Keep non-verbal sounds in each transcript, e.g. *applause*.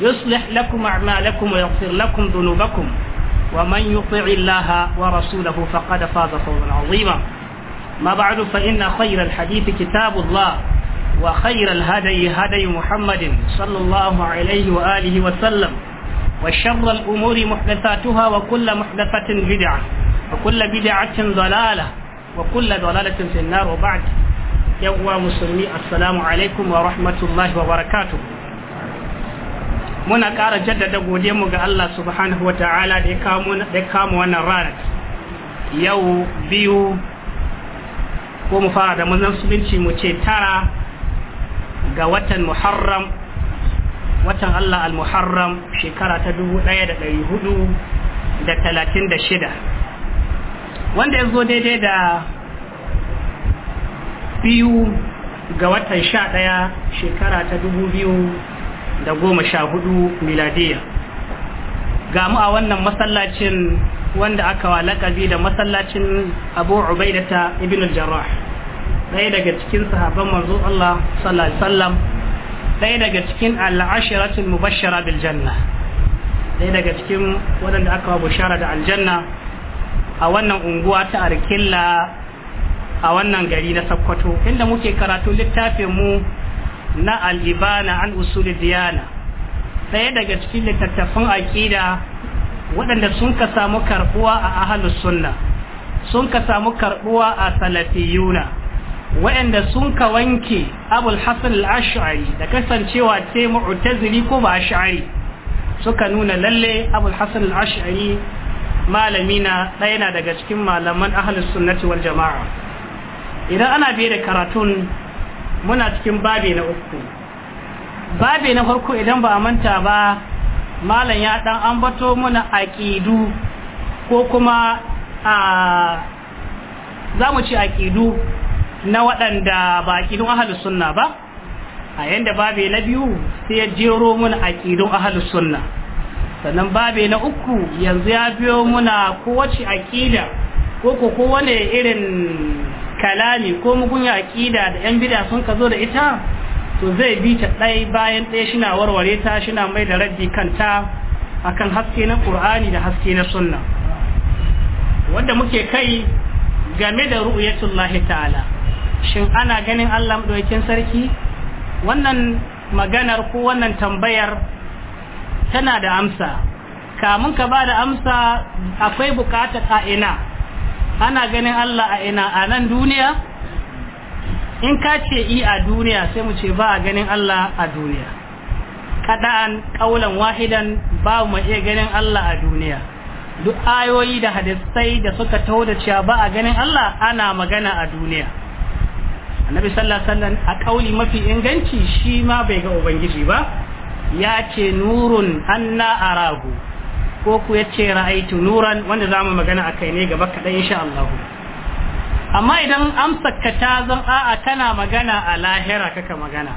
يصلح لكم أعمالكم ويغفر لكم ذنوبكم ومن يطع الله ورسوله فقد فاز فوزا عظيما ما بعد فإن خير الحديث كتاب الله وخير الهدي هدي محمد صلى الله عليه وآله وسلم وشر الأمور محدثاتها وكل محدثة بدعة وكل بدعة ضلالة وكل ضلالة في النار وبعد يوم مسلمي السلام عليكم ورحمة الله وبركاته muna ƙara jaddada gode mu ga Allah subhanahu wa ta'ala da ya kama wannan ranar yau biyu ko mu fara da musulunci mu ce tara ga watan muharram watan Allah al-muharram shekara ta dubu ɗaya da ɗari hudu da talatin da shida wanda ya zo daidai da biyu ga watan sha ɗaya shekara ta dubu biyu da goma sha hudu miladiya ga mu a wannan masallacin wanda aka wa lakabi da masallacin abu ubaidata ibn jarrah ɗaya daga cikin sahabban manzo Allah sallallahu alaihi wasallam ɗaya daga cikin al-ashiratul mubashshara bil janna ɗaya daga cikin waɗanda aka wa bushara da aljanna a wannan unguwa ta arkilla a wannan gari na sakkwato inda muke karatu littafin mu na al'ibana an usulul diyana ɗaya daga cikin littattafan aƙida waɗanda sun ka samu karɓuwa a ahalus sunna sun ka samu karɓuwa a salafiyuna waɗanda sun ka wanke abul hasan al-ash'ari da kasancewa te mu'tazili ko ba ash'ari suka nuna lalle abul hasan al-ash'ari malami na ɗaya na daga cikin malaman ahalus sunnati wal jama'a idan ana biye da karatun muna cikin babi na uku babi na farko idan ba a manta ba malam ya dan ambato muna aqidu ko kuma a zamu ci aqidu na wadanda ba aqidun ahlus sunna ba a yanda babi na biyu sai ya jero muna aqidun ahlus sunna sannan babi na uku yanzu ya biyo muna kowace aqida ko ko wane irin kalami ko mugunya aqida da yan bid'a sun ka zo da ita to zai bi ta ɗaya bayan ɗaya shina warware ta shina mai da raddi kanta akan haske na qur'ani da haske na sunna wanda muke kai game da ru'yatullahi ta'ala shin ana ganin Allah madaukakin sarki wannan maganar ko wannan tambayar tana da amsa kamun ka ba da amsa akwai bukatar a ina ana ganin Allah a ina a nan duniya in ka ce i a duniya sai mu ce ba a ganin Allah a duniya kada'an kaulan wahidan ba mu iya ganin Allah a duniya duk ayoyi da hadisai da suka taho da cewa ba a ganin Allah ana magana a duniya annabi sallallahu alaihi wasallam a kauli mafi inganci shi ma bai ga ubangiji ba ya ce nurun anna arahu ko ku yace ra'aitu nuran wanda za mu magana a kai ne gaba kaɗan insha Allah amma idan amsar ka ta zan a'a kana magana a lahira kaka magana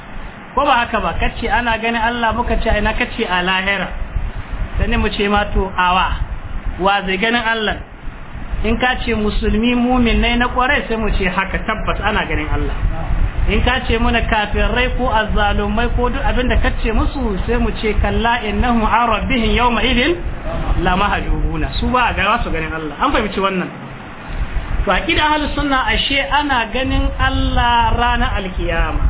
ko ba haka ba kace ana ganin Allah muka ce ina kace a lahira ne mu ce ma to awa wa zai ganin Allah in ka ce musulmi mumin ne na kwarai sai mu ce haka tabbas ana ganin Allah in ka ce muna kafirai ko azzalumai ko duk abin da kace musu sai mu ce kalla innahu an rabbihim yawma idin la mahjubuna su ba ga wasu ganin Allah an fahimci wannan to aqida ahlus sunna ashe ana ganin Allah ranar alkiyama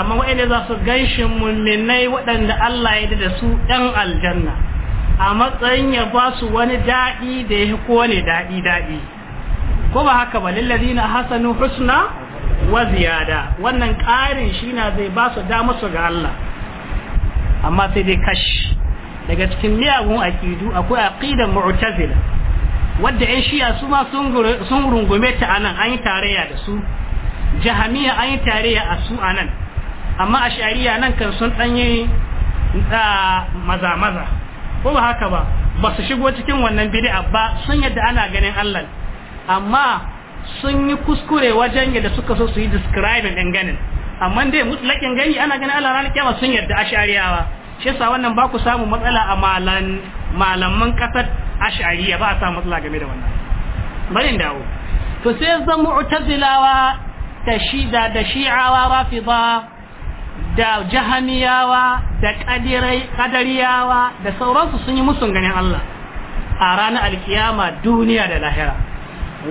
amma waɗanda za su ganshin mumminai waɗanda Allah ya da su ɗan aljanna a matsayin ya ba su wani daɗi da ya ko ne daɗi daɗi ko ba haka ba lillazina hasanu husna wa ziyada wannan ƙarin shi na zai ba su damu su ga Allah amma sai dai kash daga cikin miyagun aqidu akwai aƙidan mu'tazila wadda ƴan shiya su ma sun rungume ta anan an yi tarayya da su jahamiya an yi tarayya a su anan amma shari'a nan kan sun ɗanye maza maza ko ba haka ba ba su shigo cikin wannan bid'a ba sun yadda ana ganin Allah amma sun yi kuskure wajen yadda suka so su yi describing din ganin amma dai mutlakin gani ana ganin Allah ranar kyamar sun yadda ashariyawa shi yasa wannan ba ku samu matsala a malan malaman kasar ashariya ba a samu matsala game da wannan barin dawo to sai zan mu'tazilawa da shi da shi'awa rafida da jahamiyawa da kadariyawa da sauransu sun yi musun ganin Allah a ranar alkiyama duniya da lahira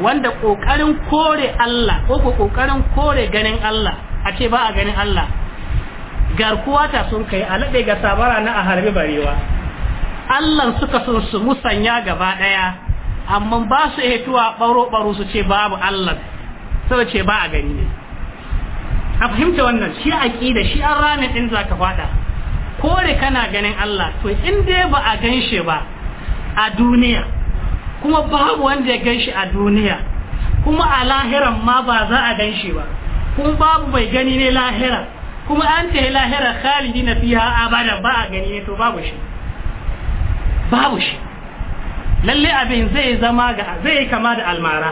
wanda kokarin kore Allah ko kokarin kore ganin Allah a ce ba a ganin Allah garkuwa ta sun kai a nade ga sabara na a harbi barewa Allah suka sun su musanya gaba daya amma ba su tuwa baro-baro su ce babu Allah sai ce ba a gani ne a fahimta wannan shi aqida shi an rana ɗin zaka ka faɗa kore kana ganin Allah to in dai ba a ganshe ba a duniya kuma babu wanda ya gan shi a duniya kuma a lahiran ma ba za a gan shi ba kuma babu bai gani ne lahira kuma an ta lahira khalidi na fiha abadan ba a gani ne to babu shi babu shi lalle abin zai zama ga zai kama da almara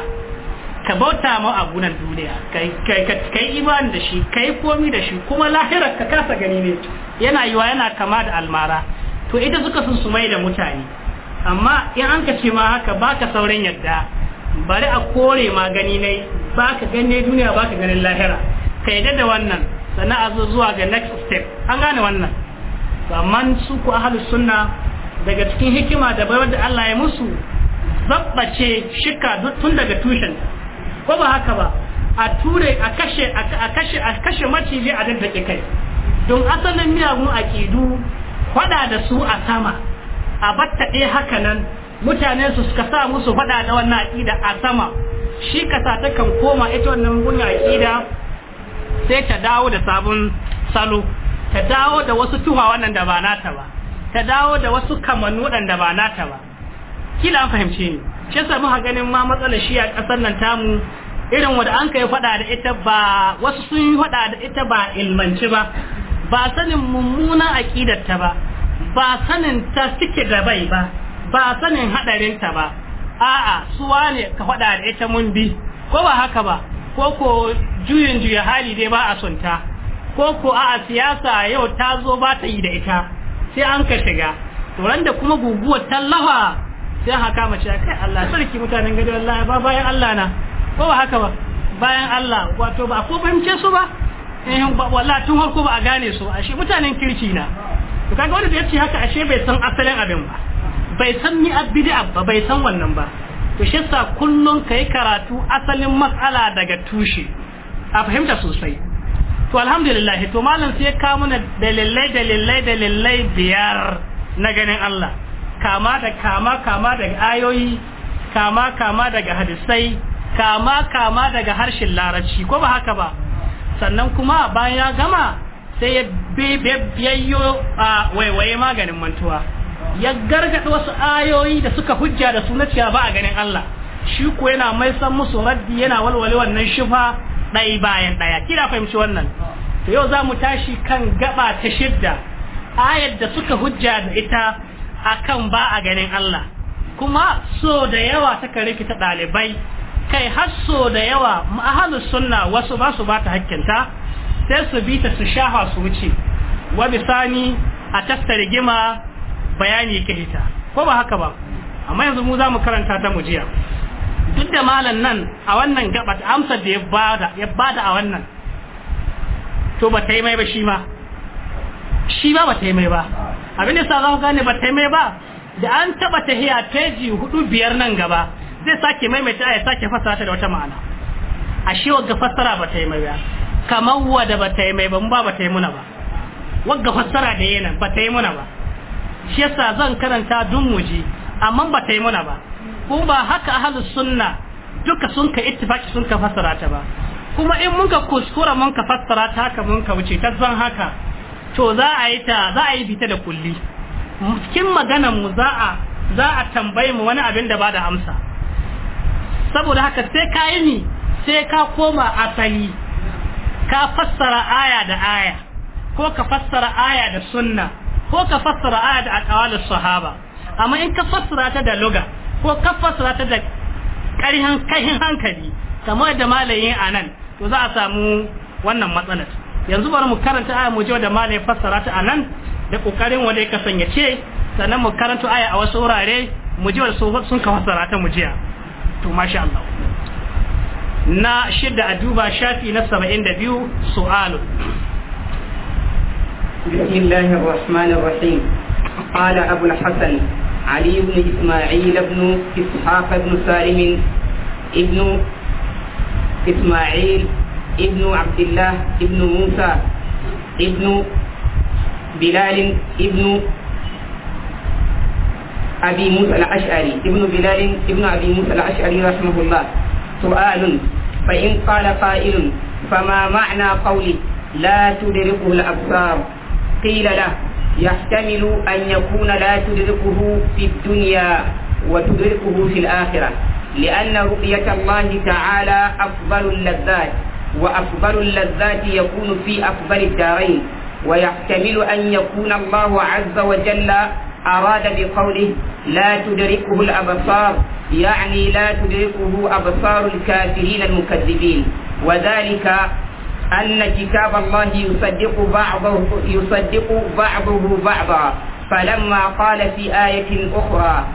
ka bauta ma abu nan duniya kai kai kai imani da shi kai komi da shi kuma lahirar ka kasa gani ne yana yiwa yana kama da almara to ita suka sun sumai da mutane amma in an ka ce ma haka baka sauran yadda bari a kore ma gani nai baka gane duniya baka ganin lahira ka yadda da wannan sannan a zuwa ga next step an gane wannan amma su ku ahlus sunna daga cikin hikima da bai da Allah ya musu zabbace shika tun daga tushen ko ba haka ba a ture a kashe a a maciji a daddake kai don asalin miyagun akidu faɗa da su a sama a battaɗe hakanan, mutane su suka sa musu faɗa da wannan aƙida a sama shi kasa ta kan koma ita wannan gunya aƙida sai ta dawo da sabon salo ta dawo da wasu tuha wannan da ba nata ba ta dawo da wasu kamannu waɗanda ba nata ba kila an fahimce ni shi yasa muka ganin ma matsalar shi a ƙasar nan tamu irin wanda an kai faɗa da ita ba wasu sun yi faɗa da ita ba ilmanci ba ba sanin mummunan aƙidarta ba ba sanin ta suke da bai ba ba sanin hadarinta ba a'a suwa ne ka faɗa da ita mun bi ko ba haka ba ko ko juyin juya hali dai ba a sunta ko ko a'a siyasa yau ta zo ba ta yi da ita sai an ka shiga to da kuma guguwar tallafa sai haka mace kai Allah sarki mutanen gari wallahi ba bayan Allah na ko ba haka ba bayan Allah wato ba ko fahimce su ba eh wallahi tun harko ba a gane su ashe mutanen kirki na to kaga wanda ya ce haka ashe bai san asalin abin ba bai san ni abidi ba bai san wannan ba to shi yasa kullun kai karatu asalin mas'ala daga tushe a fahimta sosai to alhamdulillah to malam sai ya kawo mana dalilai dalilai dalilai biyar na ganin Allah kama da kama kama daga ayoyi kama kama daga hadisai kama kama daga harshen larabci ko ba haka ba sannan kuma bayan ya gama sai ya biyayyo a waiwaye maganin mantuwa ya gargaɗa wasu ayoyi da suka hujja da suna cewa ba a ganin Allah shi ko yana mai san musu raddi yana walwale wannan shifa ɗaya bayan ɗaya kira fahimci wannan to yau za mu tashi kan gaba ta shidda ayar da suka hujja da ita akan ba a ganin Allah kuma so da yawa ta kare ta ɗalibai kai har so da yawa ahalus sunna wasu ba su ba ta hakkinta sai su bi ta su shafa su wuce wa bisani a tasta rigima bayani ka hita ko ba haka ba amma yanzu mu za mu karanta ta mujiya duk da malam nan a wannan gaba ta amsa da ya bada a wannan to ba ta yi mai ba shi ma shi ba ba ta yi mai ba abin da sa za ku gane ba ta yi mai ba da an taba ta hiya teji hudu biyar nan gaba zai sake maimaita a ya sake fassara ta da wata ma'ana wa ga fassara ba ta yi mai ba kamar wadda ba ta yi mai ban ba ba ta yi muna ba wagga fassara da yana ba ta yi muna ba shi yasa zan karanta dun muji amma ba ta yi muna ba kuma ba haka ahalus sunna duka sun ka ittifaki sun ka fassara ta ba kuma in mun ka kuskura mun ka fassara ta haka mun ka wuce ta zan haka to za a yi ta za a yi bita da kulli cikin magana mu za a za a tambaye mu wani abin da ba da amsa saboda haka sai ka yi ni sai ka koma asali ka fassara aya da aya ko ka fassara aya da sunna ko ka fassara aya da aqwalus sahaba amma in ka fassara ta da luga ko ka fassara ta da karihan kahin hankali kamar da malayin anan to za a samu wannan matsalar yanzu bari mu karanta aya mu je da malayin fassara ta anan da kokarin wanda ya kasance ce sannan mu karanta aya a wasu wurare mu ji wasu sun ka fassara ta mu jiya to masha Allah na shida a duba shafi na 72 su'alu بسم الله الرحمن الرحيم قال أبو الحسن علي بن إسماعيل بن إسحاق بن سالم ابن إسماعيل ابن عبد الله ابن موسى ابن بلال ابن أبي موسى الأشعري ابن بلال ابن أبي موسى الأشعري رحمه الله سؤال فإن قال قائل فما معنى قولي لا تدركه الأبصار قيل له يحتمل أن يكون لا تدركه في الدنيا وتدركه في الآخرة لأن رؤية الله تعالى أفضل اللذات وأفضل اللذات يكون في أفضل الدارين ويحتمل أن يكون الله عز وجل أراد بقوله لا تدركه الأبصار يعني لا تدركه أبصار الكافرين المكذبين وذلك أن كتاب الله يصدق بعضه يصدق بعضه بعضا فلما قال في آية أخرى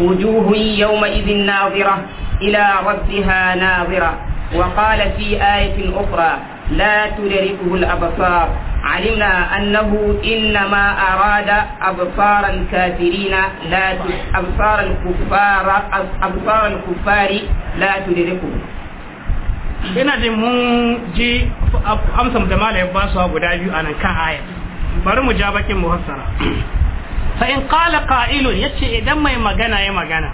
وجوه يومئذ ناظرة إلى ربها ناظرة وقال في آية أخرى لا تدركه الأبصار علمنا أنه إنما أراد أبصار الكافرين لا أبصار الكفار أبصار الكفار لا تدركهم ina jin mun ji amsa da malayin ba su guda biyu a nan kan aya bari mu ja bakin muhassara fa in qala qa'ilun yace idan mai magana ya magana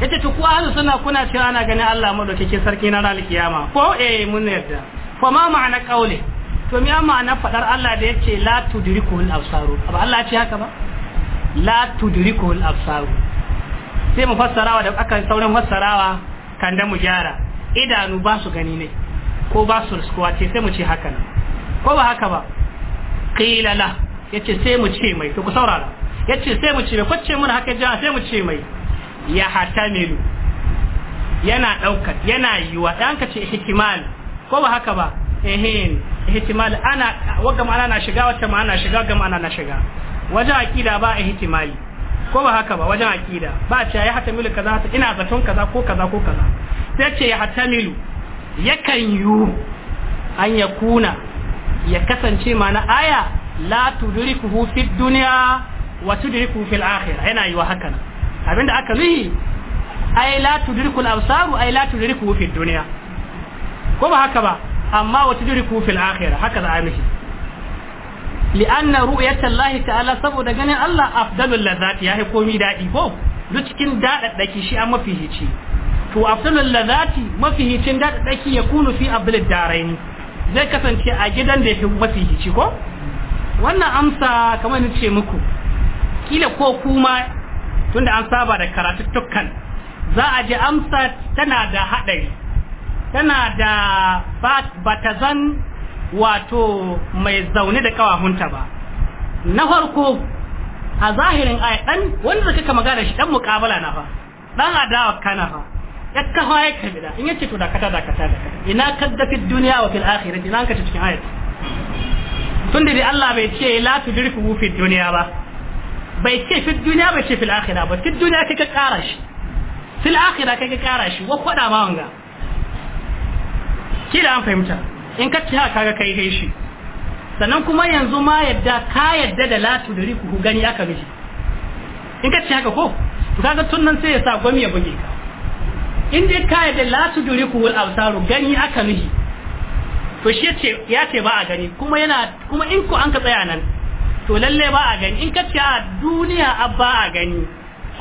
yace to ku ahlus sunna kuna cewa ana ganin Allah madaukake sarki na ranar kiyama ko eh mun yarda fa ma ma'ana qawli to me amma na fadar Allah da yace la tudrikul absaru ba Allah ce haka ba la tudrikul absaru sai mu fassarawa da aka sauran fassarawa kan da mu gyara idanu ba su gani ne ko ba su riskuwa ce sai mu ce haka nan ko ba haka ba qila la yace sai mu ce mai to ku saurara yace sai mu ce ko ce mun haka ja sai mu ce mai ya hatamilu yana daukar yana yiwa dan ka ce hikimal ko ba haka ba ehin ihtimali ana wagga ma'ana na shiga wata ma'ana shiga ga ma'ana na shiga wajen aqida ba ihtimali ko ba haka ba wajen aqida ba ce ya milu kaza ina zaton kaza ko kaza ko kaza sai ce ya milu yakan yu an ya kuna ya kasance mana aya la tudrikuhu fid dunya wa tudrikuhu fil akhirah yana yiwa haka abinda aka nuhi ai la al absaru ai la tudriku fi dunya ko ba haka ba amma wata duriku fil akhirah haka za a mishi li'anna ru'yata Allah ta'ala saboda ganin Allah afdalul ya yahi komi dadi ko duk cikin dadaddaki shi a mafihici to afdalul mafi hicin dadaddaki ya kunu fi abdul darain zai kasance a gidan da yake mafihici ko wannan amsa kamar ni ce muku kila ko kuma tunda an saba da karatuttukan za a ji amsa tana da hadari tana da ba ta zan wato mai zaune da kawahunta ba na farko a zahirin aya dan wanda kaka magana shi dan mukabala na fa dan adawa kana fa ya in yace to ina kadda fi dunya wa fil akhirati ina kace cikin ayat tunda Allah bai ce la tudriku fi dunya ba bai ce fi dunya bai ce fil akhirah ba fi dunya kake kara shi fil akhirah kake kara shi wa kwada ma wanga kila an fahimta in ka ci haka kai kai shi sannan kuma yanzu ma yadda ka yadda da latu da riku ku gani aka miji in ka ci haka ko to kaga tun nan sai ya sa gwami ya buge ka in dai ka yadda latu da riku wal absaru gani aka miji to shi yace ya ce ba a gani kuma yana kuma in ku an ka tsaya nan to lalle ba a gani in ka ci a duniya a ba a gani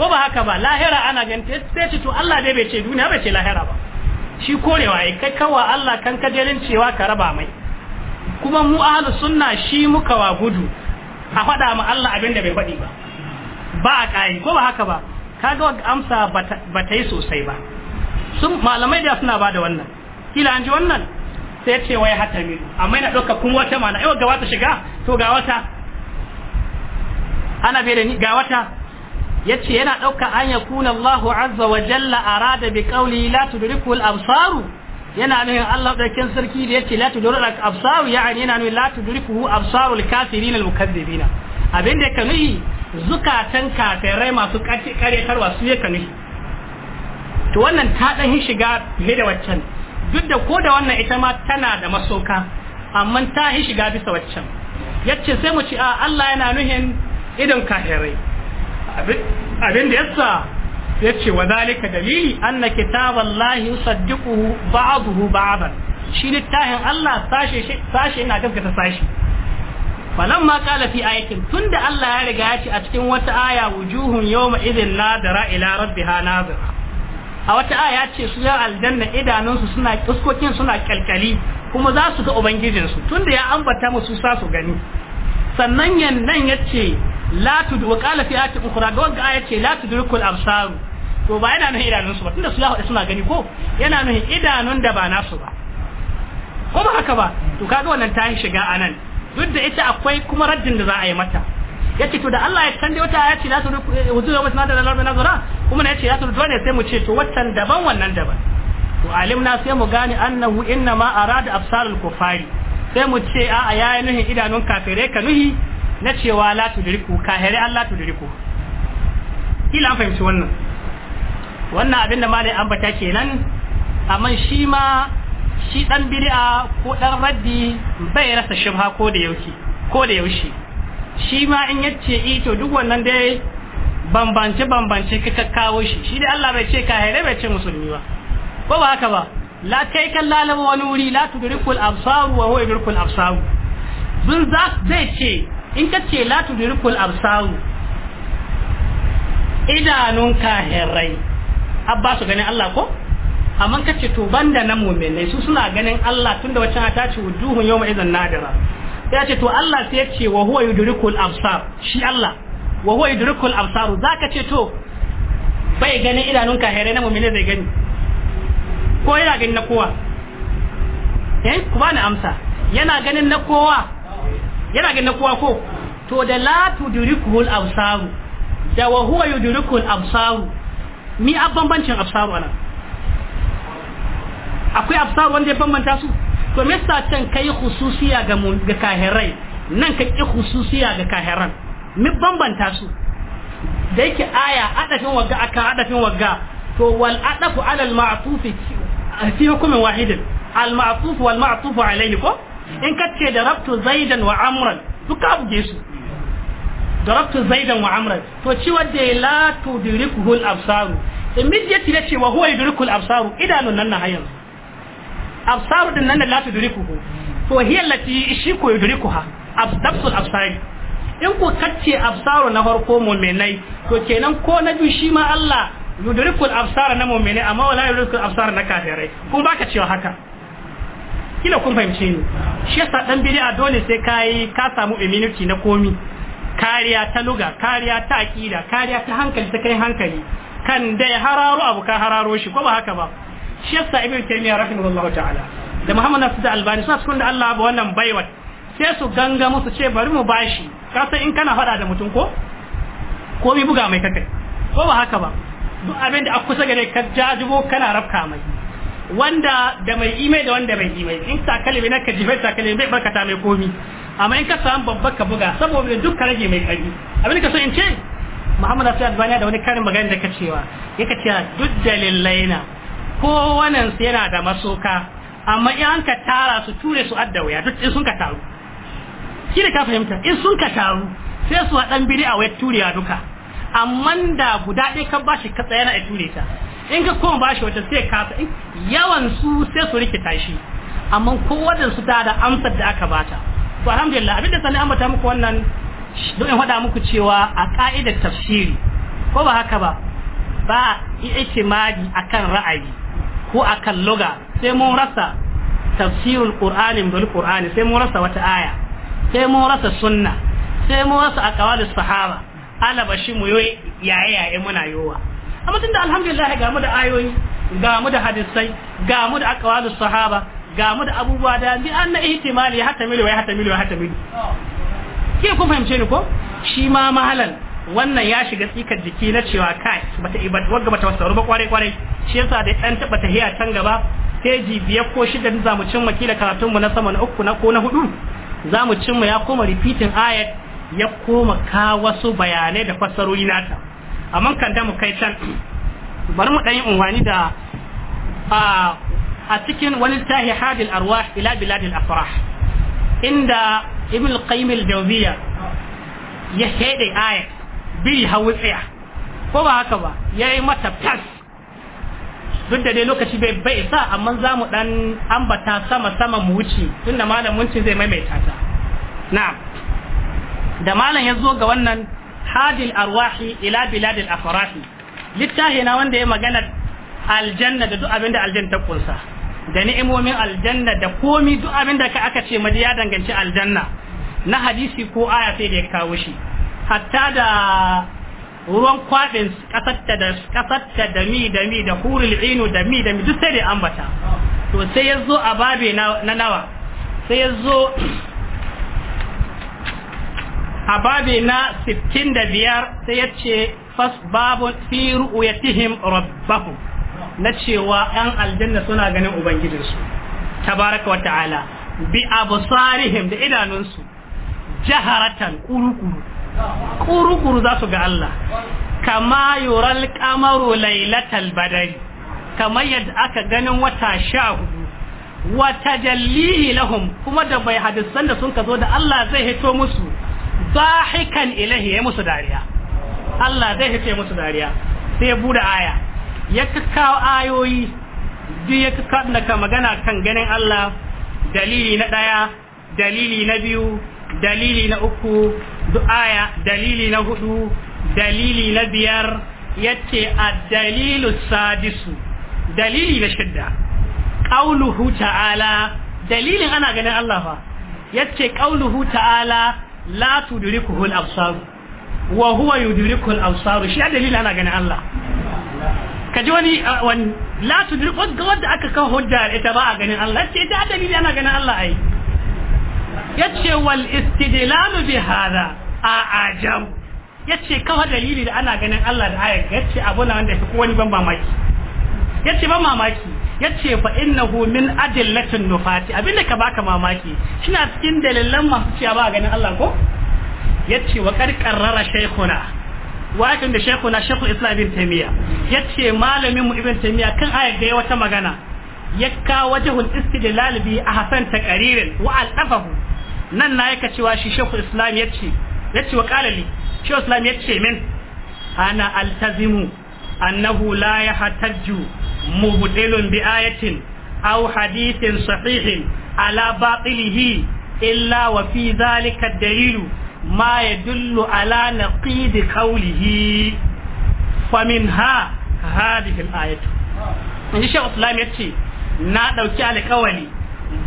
ko ba haka ba lahira ana gani sai ce to Allah dai bai ce duniya bai ce lahira ba shi korewa ya kai kawa Allah kan kajerin cewa ka raba mai kuma mu ahalu sunna shi muka wa gudu a faɗa ma Allah abin bai faɗi ba ba a ƙayi ko ba haka ba kaga amsa ba ta yi sosai ba sun malamai da suna ba da wannan kila an ji wannan sai ce wai hata milu amma yana ɗauka kun wata mana yau ga wata shiga to ga wata ana bai da ni ga wata yace yana ɗauka an ya kuna Allahu azza wa jalla arada bi qawli la tudrikul absaru yana nuna Allah ɗaukin sarki da yace la tudrikul absaru yani yana nuna la tudrikuhu absarul kafirin al mukazzibina abin da ka nuhi zukatan kafirai masu karyatarwa su ya ka to wannan ta dan shiga fiye da waccan duk da ko da wannan ita ma tana da masoka amma ta shiga bisa waccan yace sai mu ci a Allah yana nuhin idan kafirai abin da yasa yace wa zalika dalili anna kitaballahi yusaddiquhu ba'dahu ba'dan shi littafin Allah sashe sashe yana sashe. sashi ma qala fi tun tunda Allah ya riga ya ce a cikin wata aya wujuhun yawma idhin nadira ila rabbiha nadira a wata aya ce su yan aljanna idanunsu suna fuskokin suna kyalkyali kuma za su ga ubangijinsu tunda ya ambata musu sa su gani sannan nan ya ce la tudu wa qala fi ayati ukhra ga wanga aya ce la tudrikul absaru to ba yana nuhin idanun su ba tunda su ya hada suna gani ko yana nuhi idanun da ba nasu ba ko ba haka ba to kaga wannan ta shiga anan duk da ita akwai kuma raddin da za a yi mata yace to da Allah ya san wata aya ce la tudrikul wujuhu eh, wa sanada lil ardi nazara kuma yace la tudrikul ne sai mu ce to wannan daban wannan daban to alimna sai mu gane annahu inna ma arada absarul kufari sai mu ce a'a yayi nuhi idanun kafirai ka nuhi na cewa la tudriku kahire Allah tudriku kila an fahimci wannan wannan abin da malai ambata kenan amma shi ma shi dan bid'a ko dan raddi bai rasa shubha ko da yauki ko da yaushe shi ma in yace eh to duk wannan dai bambance bambance ka kawo shi shi dai Allah bai ce kahire bai ce musulmi ba ko ba haka ba la kai kan lalama wani wuri la al absar wa huwa al absar bin za zai ce in ka ce latu da rikul absaru idanun kahirai abba su ganin Allah ko amma ka ce to banda na mu'minai su suna ganin Allah tunda wacce ta ce duhun yau ma'izan nadira ya ce to Allah sai ya ce wa huwa rikul absar shi Allah wa huwa yudrikul Za ka ce to bai ganin idanun kahirai na mu'minai zai gani ko yana ganin na kowa eh ku bani amsa yana ganin na kowa yana gina kuwa ko to da latu durikul absaru da wa huwa yudrikul absaru mi a bambancin absaru ana akwai absaru wanda ya bambanta su to me yasa can kai khususiya ga ga kahirai nan ka ki khususiya ga kahiran mi bambanta su da yake aya adafin wagga aka adafin wagga to wal adafu ala al ma'tuf fi hukumin wahidin al ma'tuf wal ma'tuf alayhi ko in ka ce rabtu zaidan wa amran duka abuje su rabtu zaidan wa amran to ci wadda ya la tudrikuhu al-absaru immediately ya ce wa huwa ya yudrikul absaru idanun nan na hayan absaru din nan la tudrikuhu to hiya lati shi ko yudrikuha abdabsul absari in ku kacce absaru na farko mu'minai to kenan ko na biyu shi ma Allah yudrikul absara na mu'minai amma wala yudrikul absara na kafirai kun baka cewa haka kila kun fahimce ni shi yasa dan bid'a dole sai kai ka samu immunity na komi kariya ta luga kariya ta akida kariya ta hankali ta kai hankali kan da ya hararo abu ka hararo shi ko ba haka ba shi yasa ibn taymiyyah rahimahullahu ta'ala da muhammad nasu da albani suna cikin da Allah ba wannan baiwa sai su ganga musu ce bari mu bashi ka san in kana faɗa da mutum ko ko mi buga mai kakai ko ba haka ba duk abin da a kusa gare ka jajibo kana rafka mai wanda da mai imai da wanda mai imai in takalmi na ka jifai takalmi bai barkata mai komi amma in ka samu babbar ka buga saboda duk ka rage mai kari abin ka so in ce muhammad asu albani da wani karin magana da ka cewa ya ka cewa duk dalilai na kowannen su yana da masoka amma in an ka tara su ture su adda wuya duk in sun ka taru shi ne ka fahimta in sun ka taru sai su haɗan biri a wayar turiya duka amma da guda ɗaya ka bashi ka na a ture ta in ka koma ba shi wata sai kasa yawan su sai su rikita shi amma kowadan su ta da amsar da aka bata to alhamdulillah abinda sani an bata muku wannan don in faɗa muku cewa a ka'idar tafsiri ko ba haka ba ba i'timadi akan ra'ayi ko akan loga sai mun rasa tafsirul qur'ani bil qur'ani sai mun rasa wata aya sai mun rasa sunna sai mun rasa aqwalus sahaba ala shi mu yoyi yaye yaye muna yowa amma tunda alhamdulillah ga mu da ayoyi ga mu da hadisai ga mu da aqwalus sahaba ga mu da abubuwa da bi anna ihtimali ya hatta mili ya hatta mili ya hatta mili ke kun fahimce ni ko shi ma mahalan wannan ya shiga tsikar jiki na cewa kai bata ibad wagga bata wasaru ba kwarai kwarai shi yasa da dan taba tahiya can gaba keji biyar ko shida za mu cimma kila karatun mu na sama na uku na ko na hudu za mu cimma ya koma repeating ayat ya koma ka wasu bayanai da fassarori nata Aman kan da mu kai can bari mu ɗan yi unwani da a cikin wani tahi hadil arwah ila biladil afrah inda ibn al-qayyim al-jawziya ya shede aya bi hawiya ko ba haka ba yayi mata tas duk da dai lokaci bai bai sa amma za mu dan ambata sama sama mu wuce tunda malamin zai maimaita ta na'am da malam ya zo ga wannan ilhadil arwahi ila biladil afrahi littafi na wanda ya magana aljanna da duk abinda aljanna ta kunsa da ni'imomin aljanna da komi duk abinda ka aka ce madi ya danganci aljanna na hadisi ko aya sai da ya kawo shi hatta da ruwan kwaɗin ƙasarta da ƙasarta da mi da mi da hurul inu da mi da mi duk sai da ambata to sai ya zo a babe na nawa sai ya zo a babi na 65 sai ya ce fas babun fi ru'yatihim rabbahum na cewa yan aljanna suna ganin ubangijinsu tabaraka wa ta'ala bi absarihim da idanunsu jaharatan kurukuru kurukuru za su ga Allah kama yural qamaru lailatal badri Kama yadda aka ganin wata sha hudu wata jallihi lahum kuma da bai hadisan da sun ka zo da Allah zai hito musu dahikan ilahi ya musu dariya Allah zai ce musu dariya sai ya bude aya ya kakkawo ayoyi duk ya kakkawo magana kan ganin Allah dalili na daya dalili na biyu dalili na uku duk aya dalili na hudu dalili na biyar ce a dalilu sadisu dalili na shidda Ƙauluhu ta'ala dalilin ana ganin Allah ya yace ƙauluhu ta'ala la tudrikuhu al-absar wa huwa yudriku al-absar shi dalili ana ganin Allah kaji wani wani la tudriku wanda aka kawo hujja ita ba a ganin Allah ce ita dalili ana ganin Allah ai yace wal a ajab dalili da ana ganin Allah da ayat yace abu wanda yake wani ban mamaki yace ban mamaki yace fa innahu min adillatin nufati da ka baka mamaki suna cikin dalilan masu cewa ba ganin Allah ko yace wa karkarrara shaykhuna wa da shaykhuna shaykhul islam ibn taymiya yace malamin mu ibn taymiya kan ayar da wata magana yakka wajhul istidlal bi ta karirin wa al'afahu nan na yaka cewa shi shaykhul islam yace yace wa qalali shaykhul islam yace min ana altazimu annahu la yahtajju مبدل بآية أو حديث صحيح على باطله dalilu وفي ذلك الدليل ما يدل على نقيض قوله فمنها هذه الآية in shi islam ya ce na ɗauki alkawali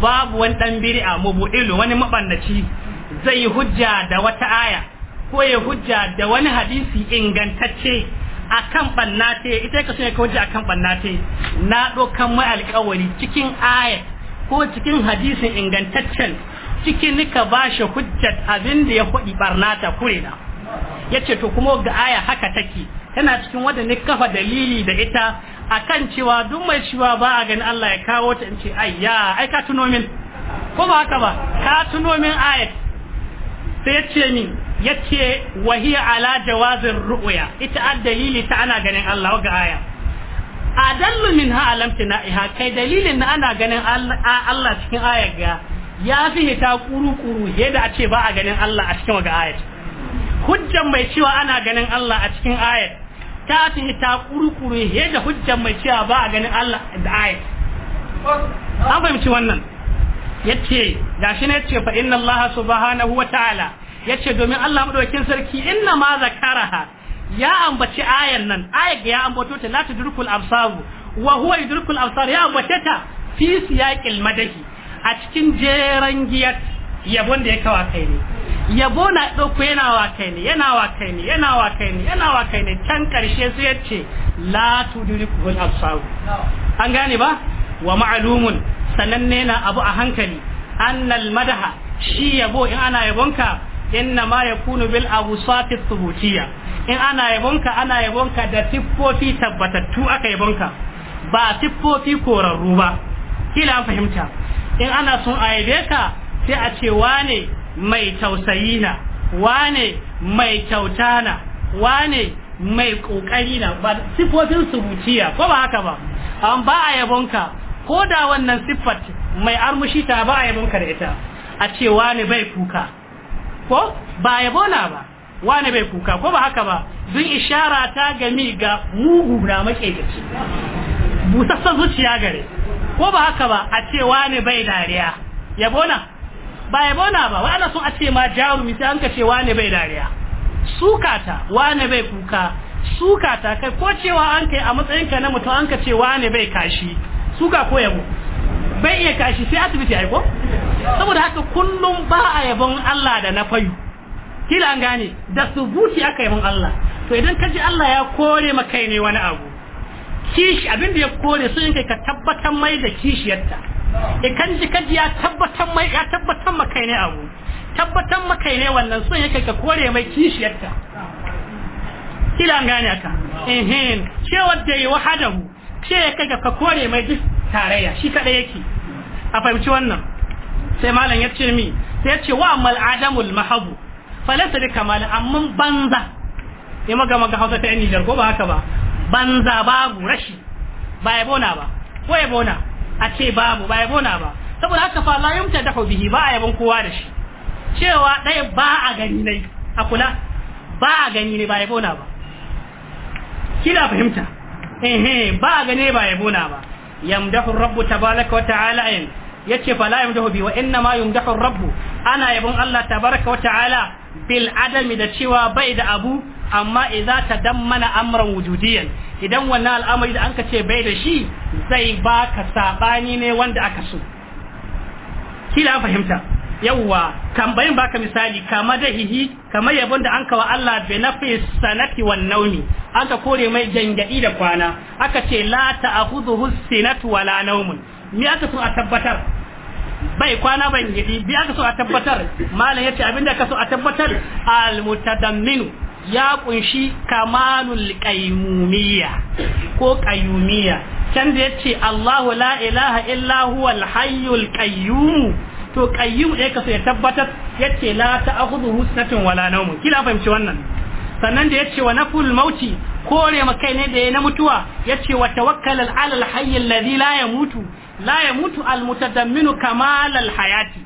babu wani ɗan biri'a mubu'ilu wani mabannaci zai yi hujja da wata aya ko ya hujja da wani hadisi ingantacce akan kan ita ka sai kawace akan kan ta na dokan mai alƙawari cikin ayat ko cikin hadisin ingantaccen cikin nika ba shi hujjat abin da ya faɗi barna ta kure na yace to kuma ga aya haka take tana cikin wanda ni kafa dalili da ita akan cewa duk mai cewa ba a gani Allah ya kawo ta in ce ayya ai ka tuno min ko ba haka ba ka tuno min ayat sai ya ce min yace wahiya ala jawazin ru'ya ita dalili ta ana ganin Allah ga aya adallu minha alamtina iha kai dalilin na ana ganin Allah cikin aya ga ya fi hita kuru-kuru yadda a ce ba a ganin Allah a cikin ga aya hujjan mai cewa ana ganin Allah a cikin aya ta fi hita kuru-kuru yadda hujjan mai cewa ba a ganin Allah da aya an fahimci wannan yace gashi ne ce fa inna Allah subhanahu wa ta'ala yace domin Allah madaukakin sarki inna ma zakaraha ya ambaci ayan nan ayar ya ambato ta la tudrikul absar wa huwa yudrikul absar ya ambace ta fi siyaqil madahi a cikin jeran giyar yabon da ya kawa kai ne yabo na ɗauko yana wa kai ne yana wa kai ne yana wa kai ne yana wa kai ne can karshe sai yace la tudrikul an gane ba wa ma'lumun sananne na abu a hankali annal madaha shi yabo in ana yabonka inna ma yakunu bil awsati thubutiyya in ana yabonka ana yabonka da siffofi tabbatattu aka yabonka ba siffofi korarru ba kila an fahimta in ana son a yabe ka sai a ce wane mai tausayi na wane mai kyauta na wane mai kokari na ba siffofin subutiya ko ba haka ba an ba a yabonka ko da wannan siffat mai armushi ta ba a yabonka da ita a ce wane bai kuka ko ba ya bona ba wane bai kuka ko ba haka ba zun ishara ta gami ga mugu na makegaci busassan zuciya gare ko ba haka ba a ce wane bai dariya ya bona ba ya bona ba wa'ana sun a ce ma jarumi mita an ka ce wane bai dariya sukata wane bai kuka sukata kai ko cewa an kai a matsayinka na mutum an ka ce wane bai kashi suka ko yabo bai iya kashi sai asibiti ai ko saboda haka kullum ba a yabon Allah da na fayu kila an gane da subuti aka yabon Allah to idan ka ji Allah ya kore maka ne wani abu kishi abin da ya kore sun kai ka tabbatar mai da kishiyarta kan ji ji ya tabbatar mai ya tabbatar maka ne abu tabbatar maka ne wannan sun kai ka kore mai kishiyarta kila an gane aka ehin cewa da yi wahadahu ce kai ka kore mai duk tarayya shi kada yake a fahimci wannan sai malam ya ce mi sai ya ce wa amal adamul mahabu falasa da kamal amma banza ya maga maga hausa ta yan ko ba haka ba banza babu rashi ba ya bona ba ko ya bona a ce babu ba ya bona ba saboda haka fa la yumta dahu bihi ba a yabon kowa da shi cewa ɗaya ba a gani ne a kula ba a gani ne ba ya bona ba kila fahimta ehe ba a gani ba ya bona ba yamdahu rabbu tabaraka wa ta'ala ayin yace fa la yamdahu bi wa inna ma rabbu ana yabon Allah tabaraka wa ta'ala bil adami da cewa bai da abu amma idza tadammana amran wujudiyan idan wannan al'amari da anka ce bai da shi zai baka sabani ne wanda aka so kila fahimta yawwa tambayin baka misali kama da hihi kama yabon da an kawa Allah bi nafi sanati wan naumi aka kore mai jangadi da kwana aka ce la ta'khudhuhu sinatu wala naumun Mi aka so a tabbatar bai kwana bai gidi bi aka so a tabbatar malam yace abinda aka so a tabbatar al mutadammin ya kunshi kamalul qayyumiyya ko qayyumiyya can da yace Allahu la ilaha illa huwal hayyul qayyum to qayyim da kaso ya tabbatar yace la ta'khudhu husnatun wala nawm kila fahimci wannan sannan da yace wa naful mauti kore ma kai ne da ya na mutuwa yace wa tawakkal ala al hayy alladhi la yamutu la yamutu al mutadamminu kamal al hayati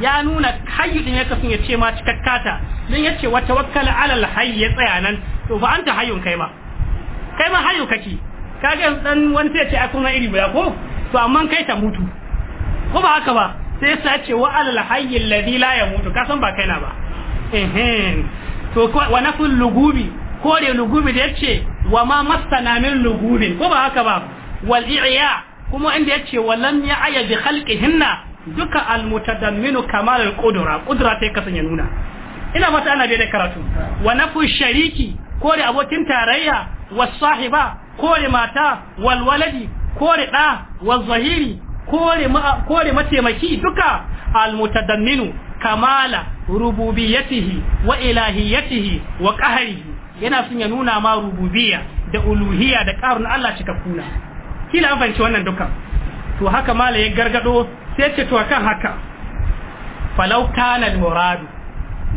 ya nuna hayyu din yake sun yace ma cikakkata dan yace wa tawakkal al hayy ya tsaya nan to fa anta hayyun kai ma kai ma hayyu kake kage dan wani sai ya ce a iri ba ko to amma kai ta mutu ko ba haka ba sai sa ce wa alal hayyin ladhi la yamutu ka san ba kaina ba ehem to wa naful lugubi ko da lugubi da yace wa ma masana min lugubin ko ba haka ba wal i'ya kuma inda yace wa lam ya'ya bi khalqihinna duka al mutadamminu kamal al qudra qudra ta ya nuna ina mata ana da karatu wa nafu shariki ko da abokin tarayya wa sahiba ko da mata wal waladi ko da da wa zahiri kore ma mataimaki duka almutadamminu kamala rububiyatihi wa ilahiyatihi wa qahrihi yana sun ya nuna ma rububiyya da uluhiyya da qarun Allah cika kuna kila an wannan duka to haka mala ya gargado sai ce to akan haka falau kana al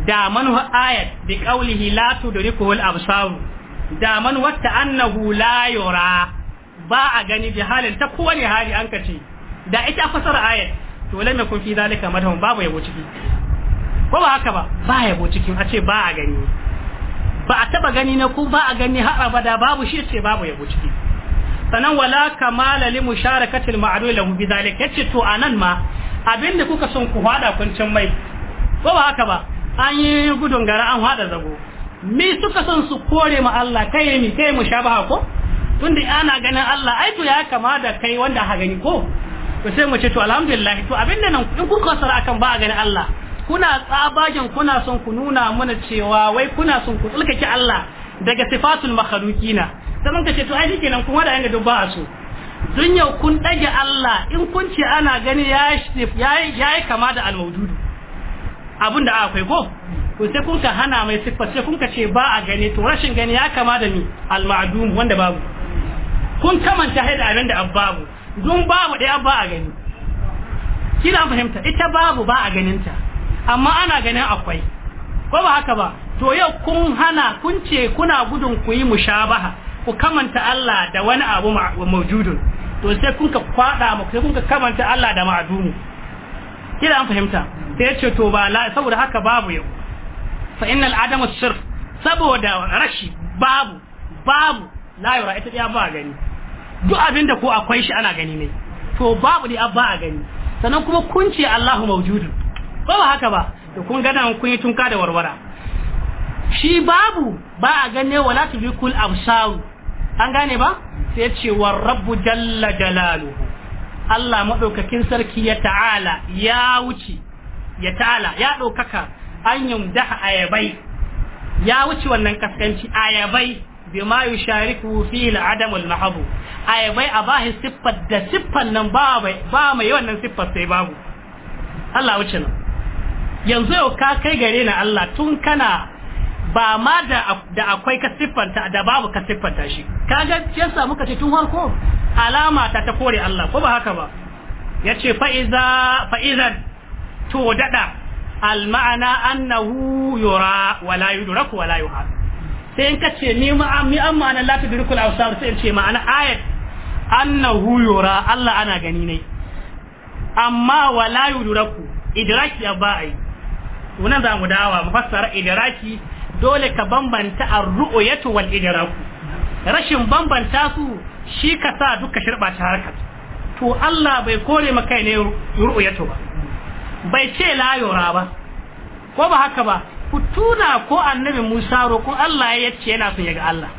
da man ayat bi qawlihi la tudrikuhu al da man wata annahu la yura ba a gani bi halin ta kowane hali an kace da ita fasara ayat to lam yakun fi zalika madhum babu yabo ciki ko ba haka ba ba yabo cikin a ce ba a gani ba a taba gani na ko ba a gani har abada babu shi ce babu yabo ciki sanan wala kamala li al ma'dul lahu bi zalika yace to anan ma abinda kuka son ku hada kuncin mai ko ba haka ba an yi gudun gara an hada zago me suka son su kore ma Allah kai mi kai mu shabaha ko tunda ana ganin Allah ai to ya kama da kai wanda ha gani ko to sai mu ce to alhamdulillah to abin nan in kun kasara akan ba a gani Allah kuna tsabagen kuna son ku nuna mana cewa wai kuna son ku tsulkake Allah daga sifatul makhluqina sai mun ce to ai kenan kun wada yanga dubba a so dun yau kun dage Allah in kun ce ana gani yayi yayi kama da almawdudu abin da akwai ko sai kun ka hana mai siffa sai kun ka ce ba a gani to rashin gani ya kama da ni almadum wanda babu kun kamanta haida abin da babu dun babu da ba a gani kina fahimta ita babu ba a ganinta amma ana ganin akwai ko ba haka ba to yau kun hana kun ce kuna gudun ku yi mushabaha ku kamanta Allah da wani abu mawjudun to sai kun ka kwada mu sai kun ka kamanta Allah da ma'dumu kina an fahimta sai ya ce to ba la saboda haka babu yau fa innal adamu sirf saboda rashi babu babu la yura ita ba gani duk abin da ko akwai shi ana gani ne to babu da abba a gani sannan kuma kun ce Allahu mawjudu ba ba haka ba da kun gana kun yi tunka da warwara shi babu ba a gane wala bikul absaru an gane ba sai ce wa rabbu jalla jalaluhu Allah madaukakin sarki ya ta'ala ya wuce ya ta'ala ya daukaka an yumdaha ayabai ya wuce wannan kaskanci ayabai bima yushariku fihi al-adam al-mahab ay bai abahi siffar da siffar nan ba bai ba mai siffar sai babu Allah wuce nan yanzu yau ka kai gare na Allah tun kana ba ma da akwai ka siffanta da babu ka siffanta shi kaga samu ka ce tun harko alama ta ta kore Allah ko ba haka ba yace ce Fa'iza fa to dada al ma'ana annahu yura wala yudraku wala yuhad sai in kace ni ma mi an ma'ana la tudrikul awsar sai in ce ma'ana ayat annahu yura Allah ana gani ne amma wala yudraku idraki ya ba'i wannan za mu dawa mufassara idraki dole ka bambanta ar-ru'yatu wal idraku rashin bambanta su shi ka sa duka shirba ta harkar to Allah bai kore maka ne ru'yatu ba bai ce la yura ba ko ba haka ba ku tuna ko annabi Musa ko Allah ya yace yana son ya ga Allah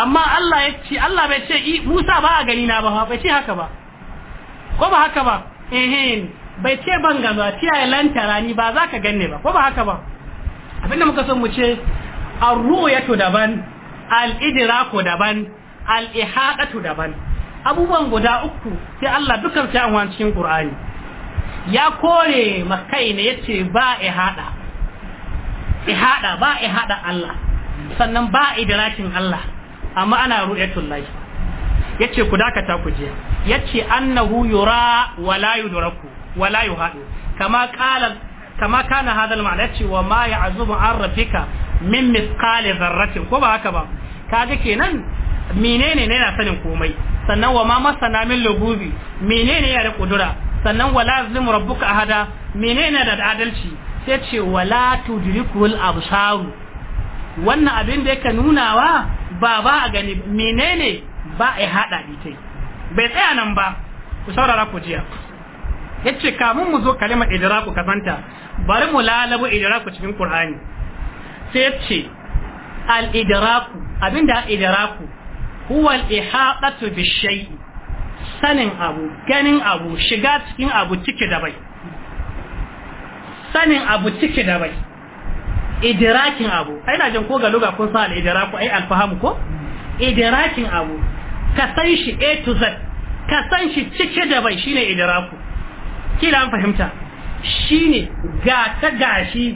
amma Allah ya ce Allah bai ce Musa ba a gani na ba bai ce haka ba ko ba haka ba eh bai ce ban ga ba tiya ya lantara ni ba za ka ganne ba ko ba haka ba abinda muka son mu ce ar-ru'yatu daban al-idraku daban al to daban abubuwan guda uku sai Allah dukan sai an cikin Qur'ani ya kore makai ne yace ba ihada ihada ba ihada Allah sannan ba idrakin Allah amma ana ru'yatul lahi yace ku dakata ku je yace annahu yura wala yudraku wala yuhadu kama qala kama kana hadal ma'ana yace wa ma ya'zubu an rabbika min mithqali dharratin ko ba haka ba kaga kenan menene ne na sanin komai sannan wa ma masana min lugubi menene ya da kudura sannan wala yazlimu rabbuka ahada menene da adalci sai ce wala tudrikul Saru wannan abin da yake nunawa ba ba a gani menene ba a hada ita bai tsaya nan ba ku saurara ku jiya yace kamun mu zo kalimar idraku kasanta bari mu lalabu idraku cikin qur'ani sai yace al idraku abinda idraku huwa al ihaqatu bi shay'i sanin abu ganin abu shiga cikin abu cike da bai sanin abu ciki da bai idirakin abu ai na jin ko ga luga kun san idiraku ai alfahamu ko idirakin abu ka san shi a to z ka san shi ciki da bai shine idiraku kila an fahimta shine ga ta gashi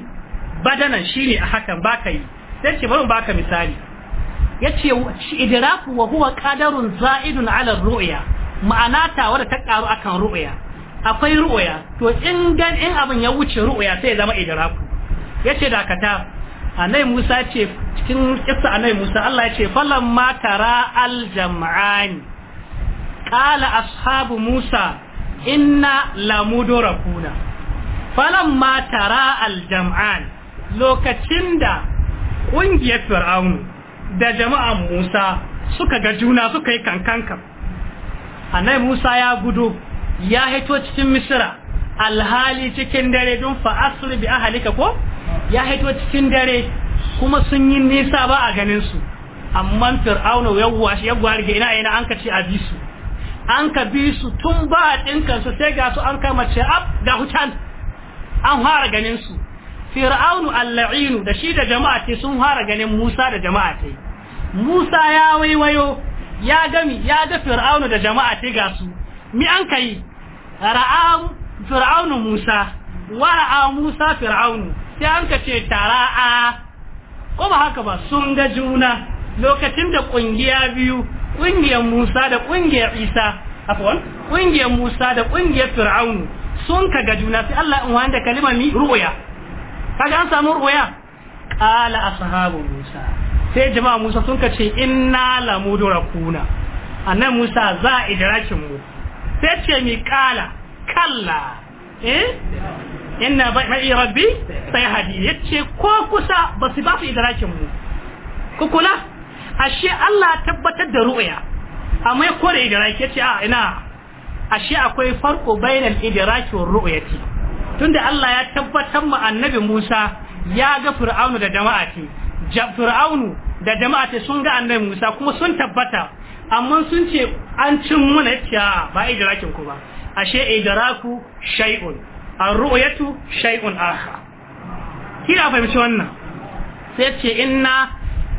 badanan shine a hakan baka yi sai ce bari baka misali yace idraku wa huwa qadarun za'idun ala ru'ya ma'ana ta wadda ta karu akan ru'ya akwai ru'uya to in gan in abin ya wuce ru'uya sai ya zama idraku yace dakata anai Musa ce cikin kissa anai Musa Allah ya ce falamma tara al-jam'an qala ashabu Musa inna lamudurakuna falamma tara al-jam'an lokacin da kungiyar Fir'aunu da jama'an Musa suka ga juna suka yi kankankan anai Musa ya gudu ya haito cikin misira alhali cikin dare don fa bi ahalika ko ya haito cikin dare kuma sun yi nisa ba a ganin su amma fir'auna yawwa shi yawwa rige ina ina an ka a bisu an ka bi su tun ba a dinkan su sai ga su an kama ce ab da hutan an fara ganin su fir'aunu alla'inu da shi da jama'a ce sun fara ganin Musa da jama'a ce Musa ya waiwayo ya gami ya ga fir'aunu da jama'a ce ga su mi an kai ra'a fir'aunu musa wa ra'a musa fir'aunu sai an ka ce tara'a ko ba haka ba sun ga juna lokacin da kungiya biyu kungiyar musa da kungiyar isa afwan kungiyar musa da kungiyar fir'aunu sun ka ga juna sai Allah in wanda kalima mi ru'ya kaga an samu ru'ya ala ashabu musa sai jama'a musa sun ka ce inna lamudurakuna annan musa za a idrakin mu sai ce mi kala kalla eh inna ba'i rabbi sai hadi yace ko kusa ba su ba su idrakin mu ku kula ashe Allah tabbatar da ru'ya amma ya kore idraki yace a ah, ina ashe akwai farko bainal idraki wa ru'yati tunda Allah ya tabbatar mu annabi Musa ya ga Fir'aunu da jama'ati Fir'aunu da jama'ati sun ga annabi Musa kuma sun tabbata amma sun ce an cin muna ya ba idrakin ku ba ashe idraku shay'un ar shay'un akha kina fahimci wannan sai ce inna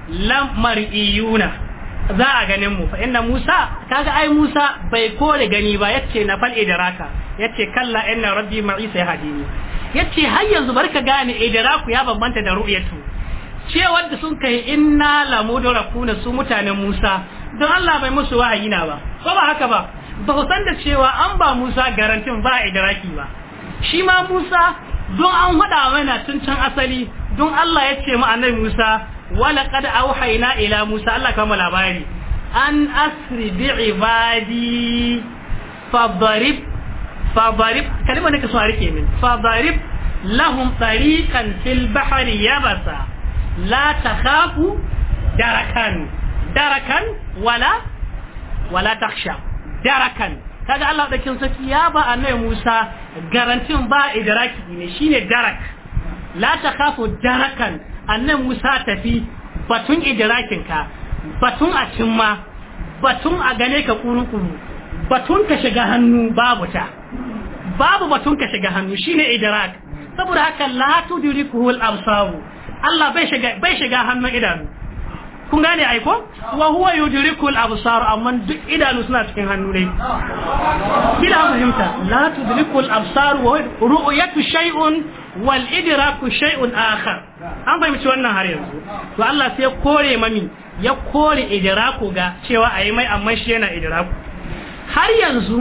lamar'iyuna za a ganin mu fa inna Musa kaga ai Musa bai kore gani ba yace na fal idraka yace kalla inna rabbi ma'i ya hadini yace har yanzu barka gane idraku ya bambanta da ru'yatu cewar da sun kai inna lamudrakuna su mutanen Musa don Allah bai musu wa'ayi na ba ko ba haka ba ba ku san da cewa an ba Musa garantin ba a idraki ba shi ma Musa don an hada mana tun can asali don Allah ya ce mu annabi Musa walaqad auhayna ila Musa Allah kama labari an asri bi ibadi fadrib fadrib kalma ne ka so rike min fadrib lahum tariqan fil bahri yabasa la takhafu darakan darakan wala wala taksha darakan kaga Allah dakin saki ya ba annabi Musa garantin ba idraki ne shine darak la takhafu darakan annabi Musa tafi batun idrakin ka batun a cimma batun a gane ka kurukuru batun ka shiga hannu babu ta babu batun ka shiga hannu shine idrak saboda haka la tudrikuhu al-absar Allah bai shiga bai shiga hannun idanu kun gane ai ko wa huwa yudrikul absar amma duk idanu suna cikin hannu ne bila fahimta la tudrikul absar wa ru'yatu shay'un wal idraku shay'un akhar an fahimci wannan har yanzu to Allah sai ya kore mami ya kore idraku ga cewa ayi mai amma shi yana idraku har yanzu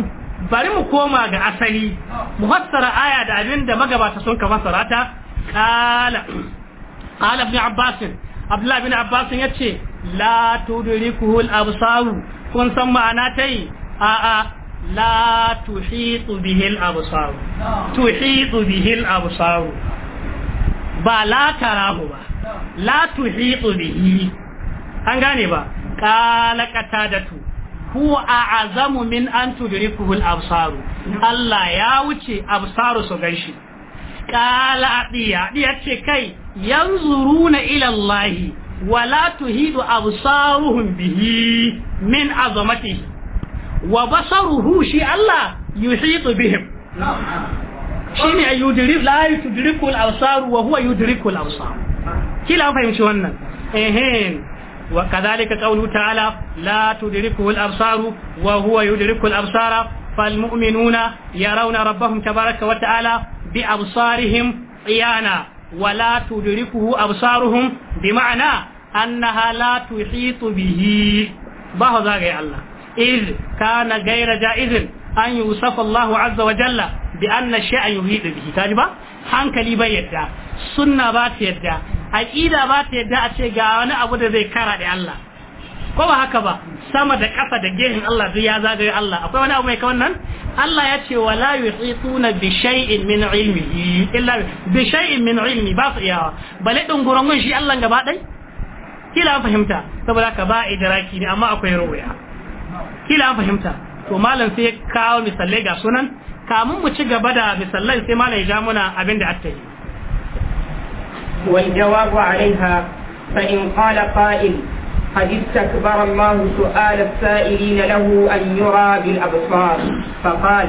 bari mu koma ga asali mu fassara aya da abin da magabata sun ka fassara ta qala qala ibn abbas abdullahi bin abbas ya ce la tudrikuhul absaru kun san ma'ana ta yi a a la tuhitu bihil absaru tuhitu bihil absaru ba la tarahu ba la tuhitu bihi an gane ba qala qatadatu huwa a'zamu min an tudrikuhul absaru Allah ya wuce absaru su ganshi kala diya diya ce kai yanzuruna ila wa la tuhidu absaruhum bihi min azamatihi wa basaruhu shi Allah yuhitu bihim shine yudrik la yudrikul absar wa huwa yudrikul absar kila fahimci wannan ehe وكذلك قوله تعالى لا تدركه الأبصار وهو يدرك الأبصار فالمؤمنون يرون ربهم تبارك وتعالى bi absarihim iyana wala tudrikuhu absaruhum bi ma'ana annaha la tuhitu bihi ba ho zagaye Allah iz kana gaira jaizin an yusafa Allahu azza wa jalla bi anna shay'an yuhitu bihi kaji ba hankali ba yadda sunna ba ta yadda aqida ba ta yadda a ce ga wani abu da zai kara da Allah ko ba haka ba sama da ƙasa da gehen Allah duk ya zagaye Allah akwai wani abu mai kawan nan Allah ya ce wala yuhituna bi shay'in min ilmihi illa bi shay'in min ilmi ba su iyawa bale dunguran mun shi Allah gaba dai kila an fahimta saboda ka ba idraki ne amma akwai ruya kila an fahimta to malam sai ya kawo misalai ga sunan kamun mu ci gaba da misalai sai malam ya ja muna abin da aka yi والجواب عليها فإن قال قائل قد استكبر الله سؤال السائلين له أن يرى بالأبصار فقال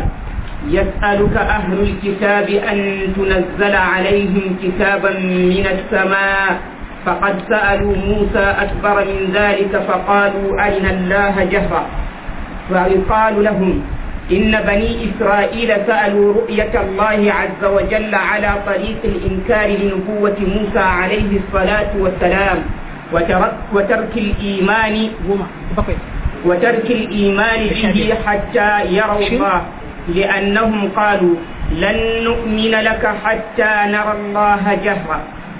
يسألك أهل الكتاب أن تنزل عليهم كتابا من السماء فقد سألوا موسى أكبر من ذلك فقالوا أرنا الله جهرا فقال لهم إن بني إسرائيل سألوا رؤية الله عز وجل على طريق الإنكار لنبوة موسى عليه الصلاة والسلام وترك الإيمان وترك الإيمان به حتى يروا الله لأنهم قالوا لن نؤمن لك حتى نرى الله جهرا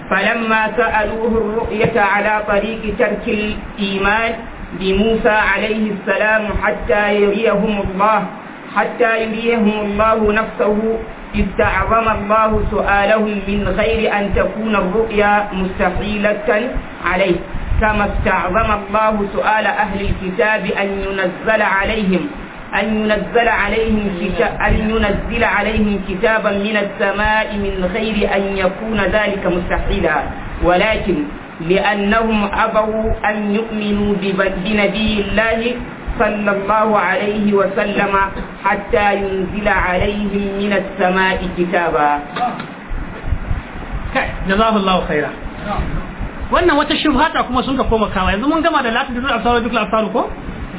فلما سألوه الرؤية على طريق ترك الإيمان بموسى عليه السلام حتى يريهم الله حتى يريهم الله نفسه استعظم الله سؤالهم من غير أن تكون الرؤيا مستحيلة عليه كما استعظم الله سؤال أهل الكتاب أن ينزل عليهم أن ينزل عليهم أن ينزل عليهم كتابا من السماء من غير أن يكون ذلك مستحيلا ولكن لأنهم أبوا أن يؤمنوا بنبي الله صلى الله عليه وسلم حتى ينزل عليهم من السماء كتابا جزاه الله خيرا wannan wata shubhata kuma sun ka koma kawa yanzu mun gama da latin da zuwa duk lafaru ko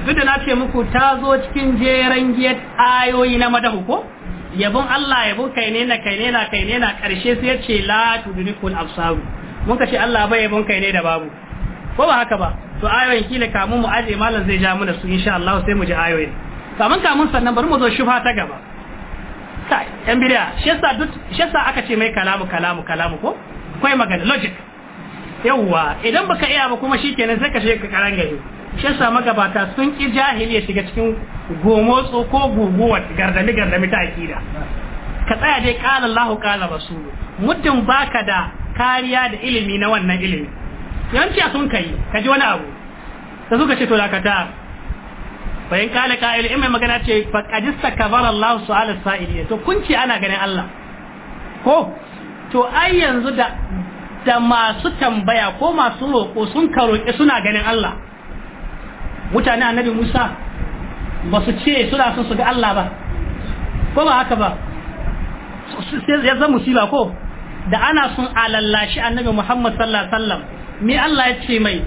duk da na ce muku ta zo cikin jeran giyar ayoyi na madahu ko yabon Allah yabon kai ne na kai ne na kai ne na karshe sai ya ce la tudrikul absaru mun ka ce Allah bai yabon kai ne da babu ko ba haka ba to ayoyin kila kamun mu aje malam zai ja mana su insha Allah sai mu ji ayoyin to mun kamun sannan bari mu zo shubha ta gaba sai yan bidiya shesa duk shi aka ce mai kalamu kalamu kalamu ko kai magana logic yawwa idan baka iya ba kuma shikenan sai ka shiga karan gari shi yasa magabata sun ki jahiliya shiga cikin gomotso ko guguwar gardami gardami ta akida ka tsaya dai qala Allahu qala rasulu muddin baka da kariya da ilimi na wannan ilimi yanci sun kai ka ji wani abu da suka ce to dakata bayan kala ka'il in mai magana ce fa qadista kabar Allah su'ala sa'ili to kun ce ana ganin Allah ko to ai yanzu da da masu tambaya ko masu roƙo sun karoƙi suna ganin Allah mutane annabi Musa ba su ce suna son su ga Allah ba ko ba haka ba sai ya zama musiba ko da ana sun alallashi annabi Muhammad sallallahu alaihi wasallam mi Allah ya ce mai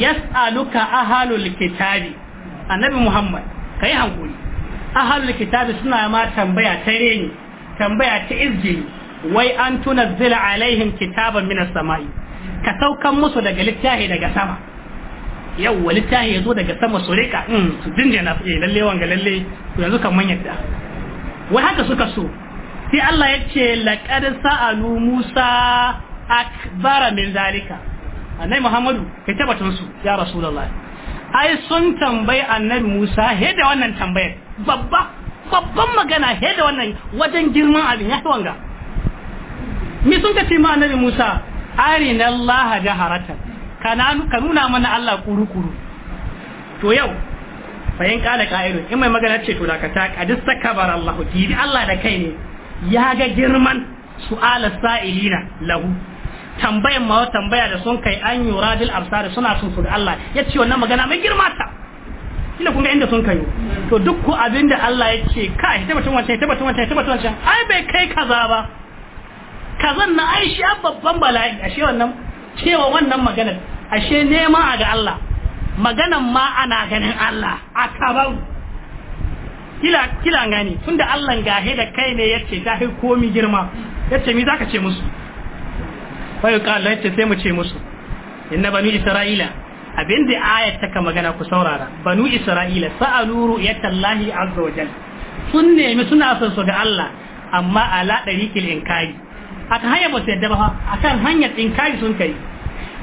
yas'aluka ahalul kitabi annabi Muhammad kai hankuri ahalul kitabi suna ma tambaya ta reni tambaya ta izini, wai an tunazzila alaihim kitaban minas sama'i ka saukan musu daga littafi daga sama wa littafi ya zo daga sama su rika in hmm, su na fiye eh, lalle wanga lalle yanzu kan manyan da wai haka suka so sai Allah ya ce laqad sa'alu Musa akbara min zalika annai muhammadu ka taba tunsu ya rasulullahi ai sun tambayi annabi musa he da wannan tambayar babba babban magana he da wannan wajen girman abin ya wanga mi sun ka ce ma annabi musa arina allaha jaharata kana ka nuna mana allah kuru kuru to yau fayin kala ka'irun in mai magana ce to da ka ta kadis takabar allah ki allah da kai ne ya ga girman su'ala sa'ilina lahu tambayan ma tambaya da sun kai an yura bil absar suna sun furi Allah ya ce wannan magana mai girma ta kila kun ga inda sun kai to duk abin abinda Allah ya ce ka ita tabbatun wancan ita tabbatun wancan ita tabbatun wancan ai bai kai kaza ba kazan na Aisha shi babban bala'i ashe wannan cewa wannan magana ashe nema a ga Allah maganan ma ana ganin Allah a kabar kila kila gani tunda Allah gahe da kai ne yace ta komi girma yace mi zaka ce musu fa yuqal ce sai mu ce musu inna banu isra'ila da ayat taka magana ku saurara banu isra'ila sa'alu ru'yatallahi azza wa jalla sun nemi suna son su ga Allah amma ala dariqil inkari aka hanya ba a yadda ba akan hanyar inkari sun kai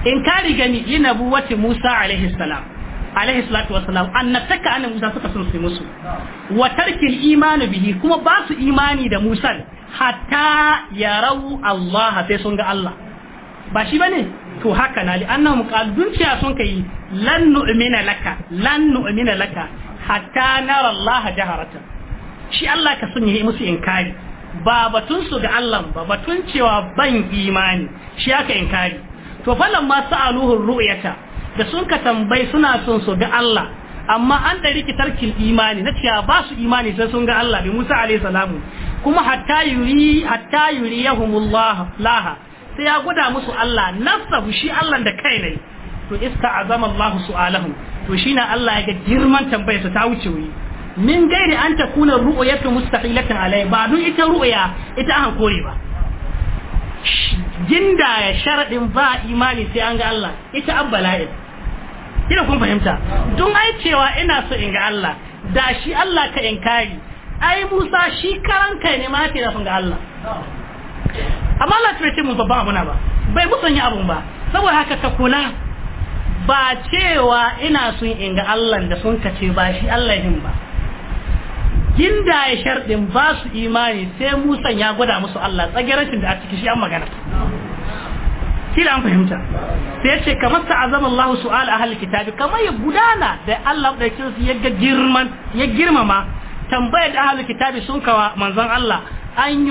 inkari gani li nabuwati Musa alaihi salam alaihi salatu wassalam annataka ana Musa suka sun su musu wa tarkil imanu bihi kuma ba su imani da Musa hatta yarau Allah sai sun ga Allah ba shi bane to haka na li annahum qalu dun sun kai lan nu'mina laka lan nu'mina laka hatta nara Allah jaharatan shi Allah ka sun yi musu inkari ba batun su ga Allah ba batun cewa ban imani shi haka inkari to falan ma sa'aluhu ru'yata da sun ka tambayi suna son su ga Allah amma an da kin imani na cewa ba su imani sai sun ga Allah bi Musa alaihi salamu kuma hatta yuri hatta yuriyahumullah laha sai ya gwada musu Allah nasabu shi Allah da kai ne to iska azama Allah su'alahu to shine Allah ya ga girman tambayar ta wuce wuri min gairi an ta takuna ru'yatu mustahilatan alai ba don ita ru'ya ita an kore ba jinda ya sharadin ba imani sai an ga Allah ita abbala'in kina kun fahimta don ai cewa ina so in ga Allah da shi Allah ka inkari ai Musa shi karan kai ne ma ke da ga Allah amma Allah bai ce mu babban abuna ba bai musanya abun ba saboda haka ka kula ba cewa ina sun inga Allah da sun kace ba shi Allah yin ba ginda ya sharɗin ba su imani sai musan ya gwada musu Allah tsagerancin da a ciki shi an magana kila an fahimta sai ya ce kamar ta azama Allah su'al halin kitabi kamar ya gudana da Allah da ya ya girmama tambayar da halin kitabi sun kawa manzon Allah an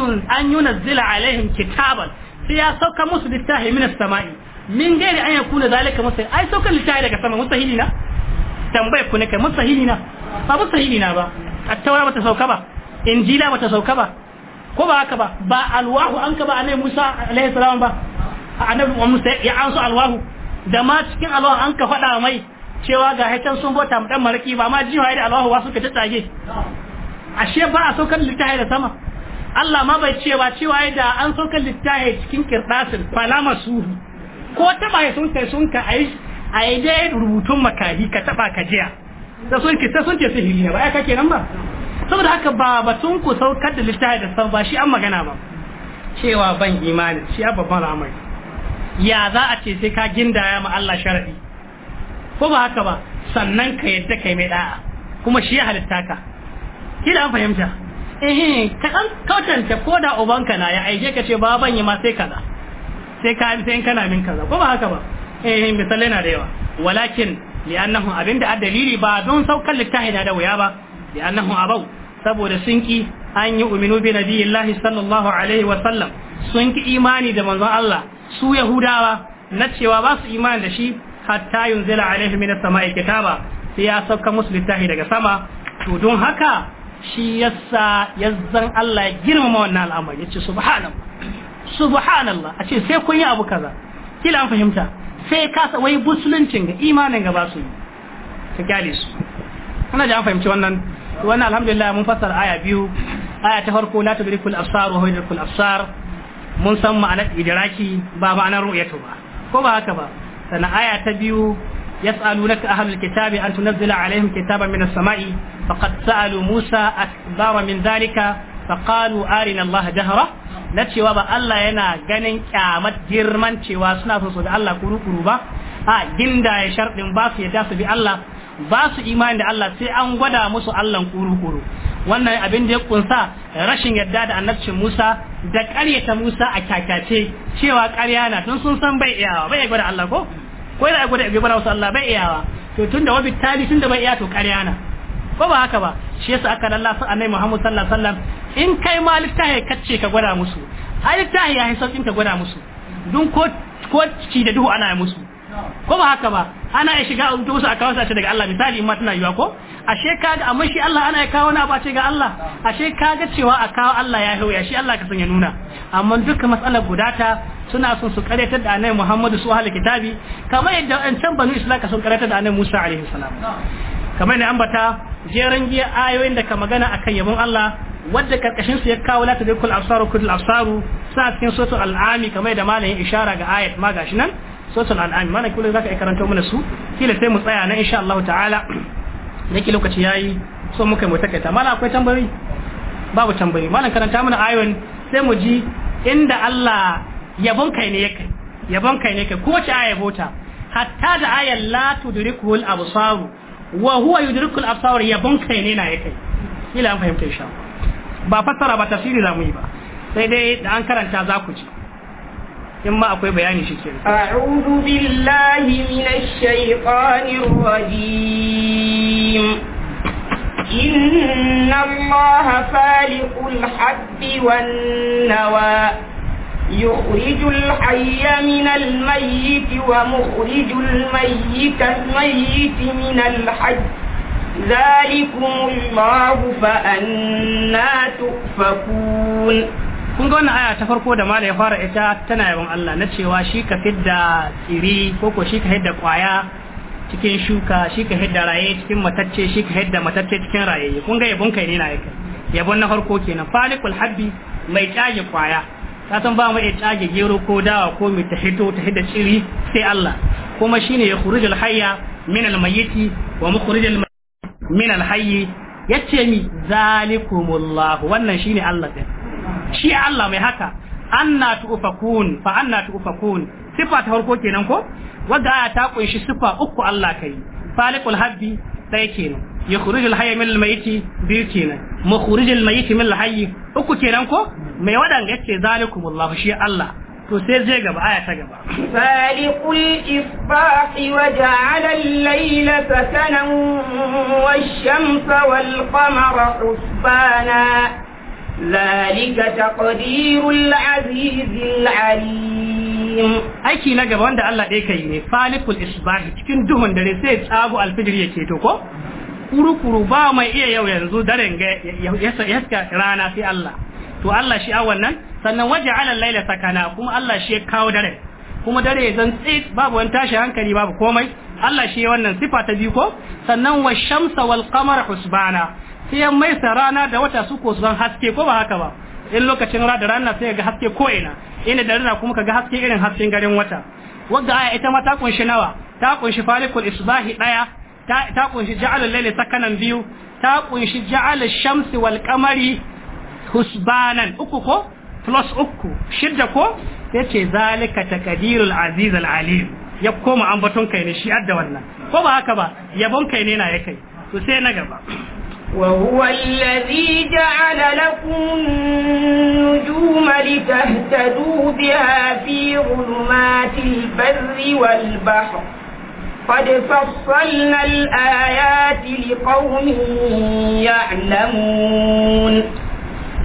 yi yunazzila alaihim kitaban sai ya sauka musu littafi min samai min gairi an yakuna zalika musa ai sauka littafi daga sama mustahili na tambayar ku ne kai mustahili na ba mustahili na ba at-taura bata sauka ba injila bata sauka ba ko ba haka ba ba alwahu an ka ba annabi musa alaihi salam ba annabi musa ya an su alwahu da ma cikin alwahu an ka faɗa mai cewa ga haitan sun bota mu dan maraki ba ma jiwa da alwahu ba ka ta tsage ashe ba a saukar littafi da sama Allah ma bai ce ba cewa yadda an sauka littahi cikin kirdasin falama su ko taɓa ya sun kai sun ka a yi dai rubutun makari ka taɓa ka jiya da sun ki sun ce sihiri ne ba ai kake nan ba saboda haka ba ba batun ku saukar da littahi da sau ba shi an magana ba cewa ban imani shi ya babban ramai ya za a ce sai ka gindaya ma Allah sharadi ko ba haka ba sannan ka yadda kai mai da'a kuma shi ya halitta ka kila an fahimta eh ka dan kautanta ko da ubanka na ya aike ka ce baban yi ma sai kaza sai ka sai kana min kaza ko ba haka ba eh misalai na da yawa walakin annahu abinda a dalili ba don saukar littafi da wuya ba annahu abau saboda sun ki an yi uminu bi nabiyillahi sallallahu alaihi wa sallam sun ki imani da manzon Allah su yahudawa na cewa ba su imani da shi hatta yunzila alaihi minas samai kitaba sai ya sauka musu littafi daga sama to don haka shi yasa zan Allah ya girmama wannan al'amari yace subhanallah subhanallah a ce sai kun yi abu kaza kila an fahimta sai kasa wai musuluncin ga imanin ga ba su yi ta kyale su ana da an fahimci wannan wannan alhamdulillah mun fassara aya biyu aya ta farko la tudrikul absar wa hudrikul absar mun san ma'anar idraki ba ma'anar ru'yatu ba ko ba haka ba sannan aya ta biyu يسألونك أهل الكتاب أن تنزل عليهم كتابا من السماء فقد سألوا موسى أكبر من ذلك فقالوا آرنا الله جهرة na cewa ba Allah yana ganin kyamat girman cewa suna so su bi Allah kuru-kuru ba a ginda ya sharɗin ba su yadda su bi Allah ba su imani da Allah sai an gwada musu Allah kuru-kuru wannan abin da ya kunsa rashin yadda da annabcin Musa da ƙaryata Musa a kakace cewa ƙarya na tun sun san bai iyawa bai gwada Allah ko ko da gwada bai bara wasu Allah bai iyawa to tunda wa bitali tunda bai iya to ƙarya na ko ba haka ba shi yasa aka dalla su annabi Muhammad sallallahu alaihi wasallam in kai ma littahi kace ka gwada musu ai littafin ya saukin ka gwada musu dun ko ko ci da duhu ana musu ko ba haka ba ana ya shiga wasu a kawo ce daga Allah misali in ma tana yiwa ko ashe ka ga amma shi Allah ana ya kawo na ba ce ga Allah ashe ka ga cewa a kawo Allah ya hauya shi Allah ka san nuna amma dukkan matsalar gudata suna son su karyatar da annabi Muhammadu su ahli kitabi kamar yadda an can banu islam ka sun karyatar da annabi Musa alaihi salam kamar ne ambata jeran giya ayoyin da ka magana akan yabon Allah wadda karkashin su ya kawo la da absaru kudul absaru sa cikin suratul al'ami kamar da malamin ishara ga ayat ma gashi nan sosan al'ami mana kullum za ka yi karanta mana su kila sai mu tsaya na insha Allah ta'ala da yake lokaci ya yi so muka mu takaita mana akwai tambayoyi babu tambayoyi mana karanta mana ayon sai mu ji inda Allah yabon kai ne yake yabon kai ne yake ko ci aya bota hatta da ayan la tudrikul absar wa huwa yudrikul absar yabon kai ne na yake kila an fahimta insha Allah ba fassara ba tafsiri za mu yi ba sai dai da an karanta za ku ji in ma akwai bayani shi ke a'udhu billahi minash shaitanir rajim inna allaha faliqul habbi wan nawa يخرج الحي من الميت ومخرج الميت الميت من الحي ذلكم الله فأنا تؤفكون kun ga wannan aya ta farko da mala ya fara ita tana yawan Allah na cewa shi ka fidda tsiri ko ko shi ka hidda kwaya cikin shuka shi ka hidda raye cikin matacce shi ka hidda matacce cikin raye kun ga yabon kai ne na yake yabon na farko kenan falikul habbi mai tsage kwaya ka san ba mu iya tsage gero ko dawa ko mai ta hito ta hidda tsiri sai Allah kuma shine ya khurujul hayya min al mayyiti wa mukhrijul min al hayyi yace mi zalikumullah wannan shine Allah din shi Allah mai haka anna tu'fakun fa anna tu'fakun sifa ta farko kenan ko wanda aya ta kunshi sifa uku Allah kai faliqul habbi dai kenan yukhrijul hayya min al-mayyiti bi kenan mukhrijul mayyiti min al-hayy uku kenan ko mai wadan yace zalikumullahu shi Allah to sai zai gaba aya ta gaba faliqul isbahi wa ja'ala al-layla sakanan wash-shamsa wal-qamara husbana ذلك تقدير العزيز العليم aiki na gaba wanda Allah ɗaya yi ne falikul isbahi cikin duhun dare sai tsago alfijir ya keto ko kuru-kuru ba mai iya yau dare daren ga yaska rana sai Allah to Allah shi a wannan sannan waje alal laila sakana kuma Allah shi ya kawo dare kuma dare zan tsit babu wani tashi hankali babu komai Allah shi wannan sifa ta biyu ko sannan wa shamsa wal qamara husbana sai ya maisa rana da wata su ko zan haske ko ba haka ba in lokacin da rana sai ga haske ko ina ina da rana kuma ka ga haske irin hasken garin wata wadda aya ita ma ta kunshi nawa ta kunshi falikul isbahi daya ta ta kunshi jaala layli sakanan biyu ta kunshi ja'alul shamsi wal qamari husbanan uku ko plus uku shidda ko yace zalika taqdirul aziz al alim ya koma ambaton kai ne shi adda wannan ko ba haka ba yabon kai ne na ya kai to sai na gaba وهو الذي جعل لكم النجوم لتهتدوا بها في ظلمات البر والبحر قد فصلنا الآيات لقوم يعلمون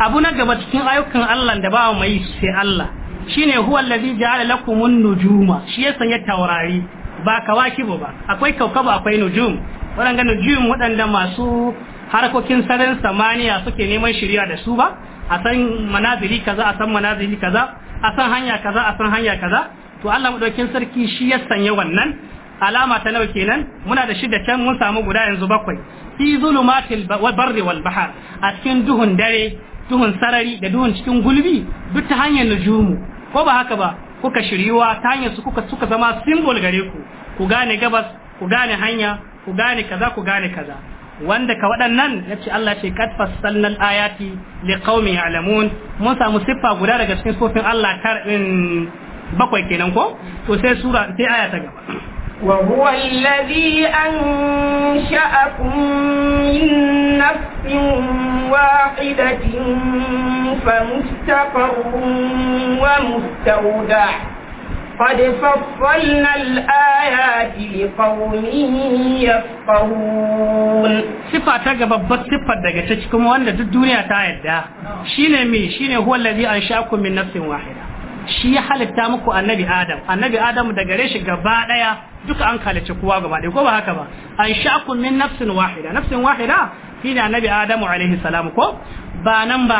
أبونا قبل تكين الله دباو ما الله shine huwa allazi ja'ala lakum an-nujuma shi ya sanya taurari ba kawaki ba akwai kaukaba akwai nujum waɗanda nujum wadanda masu harkokin sanin samaniya suke neman shirya da su ba a san manazili kaza a san manazili kaza a san hanya kaza a san hanya kaza to Allah madaukin sarki shi ya sanya wannan alama ta nawa kenan muna da shida can mun samu guda yanzu bakwai fi zulumatil barri wal bahar a cikin duhun dare duhun sarari da duhun cikin gulbi duk ta hanyar nujumu ko ba haka ba kuka shiriwa ta hanyar su kuka suka zama simbol gare ku ku gane gabas ku gane hanya ku gane kaza ku gane kaza wanda ka waɗannan ya ce Allah ce kad fassalnal ayati li qaumin ya'lamun mun samu siffa guda daga cikin sofin Allah tar bakwai kenan ko to sai sura sai aya ta gaba وهو الذي أنشأكم من نفس واحدة فمستقر قد فصلنا الآيات لقوم يفقهون صفة تجب صفة دقتكم وأن الدنيا تعدى شين مي شين هو الذي أنشأكم من نفس واحدة shi ya halitta muku annabi adam annabi adam da gare shi gaba daya duka an kalice kowa gaba daya ko ba haka ba an sha'akum min nafsin wahida nafsin wahida shine annabi adamu alaihi salam ko ba nan ba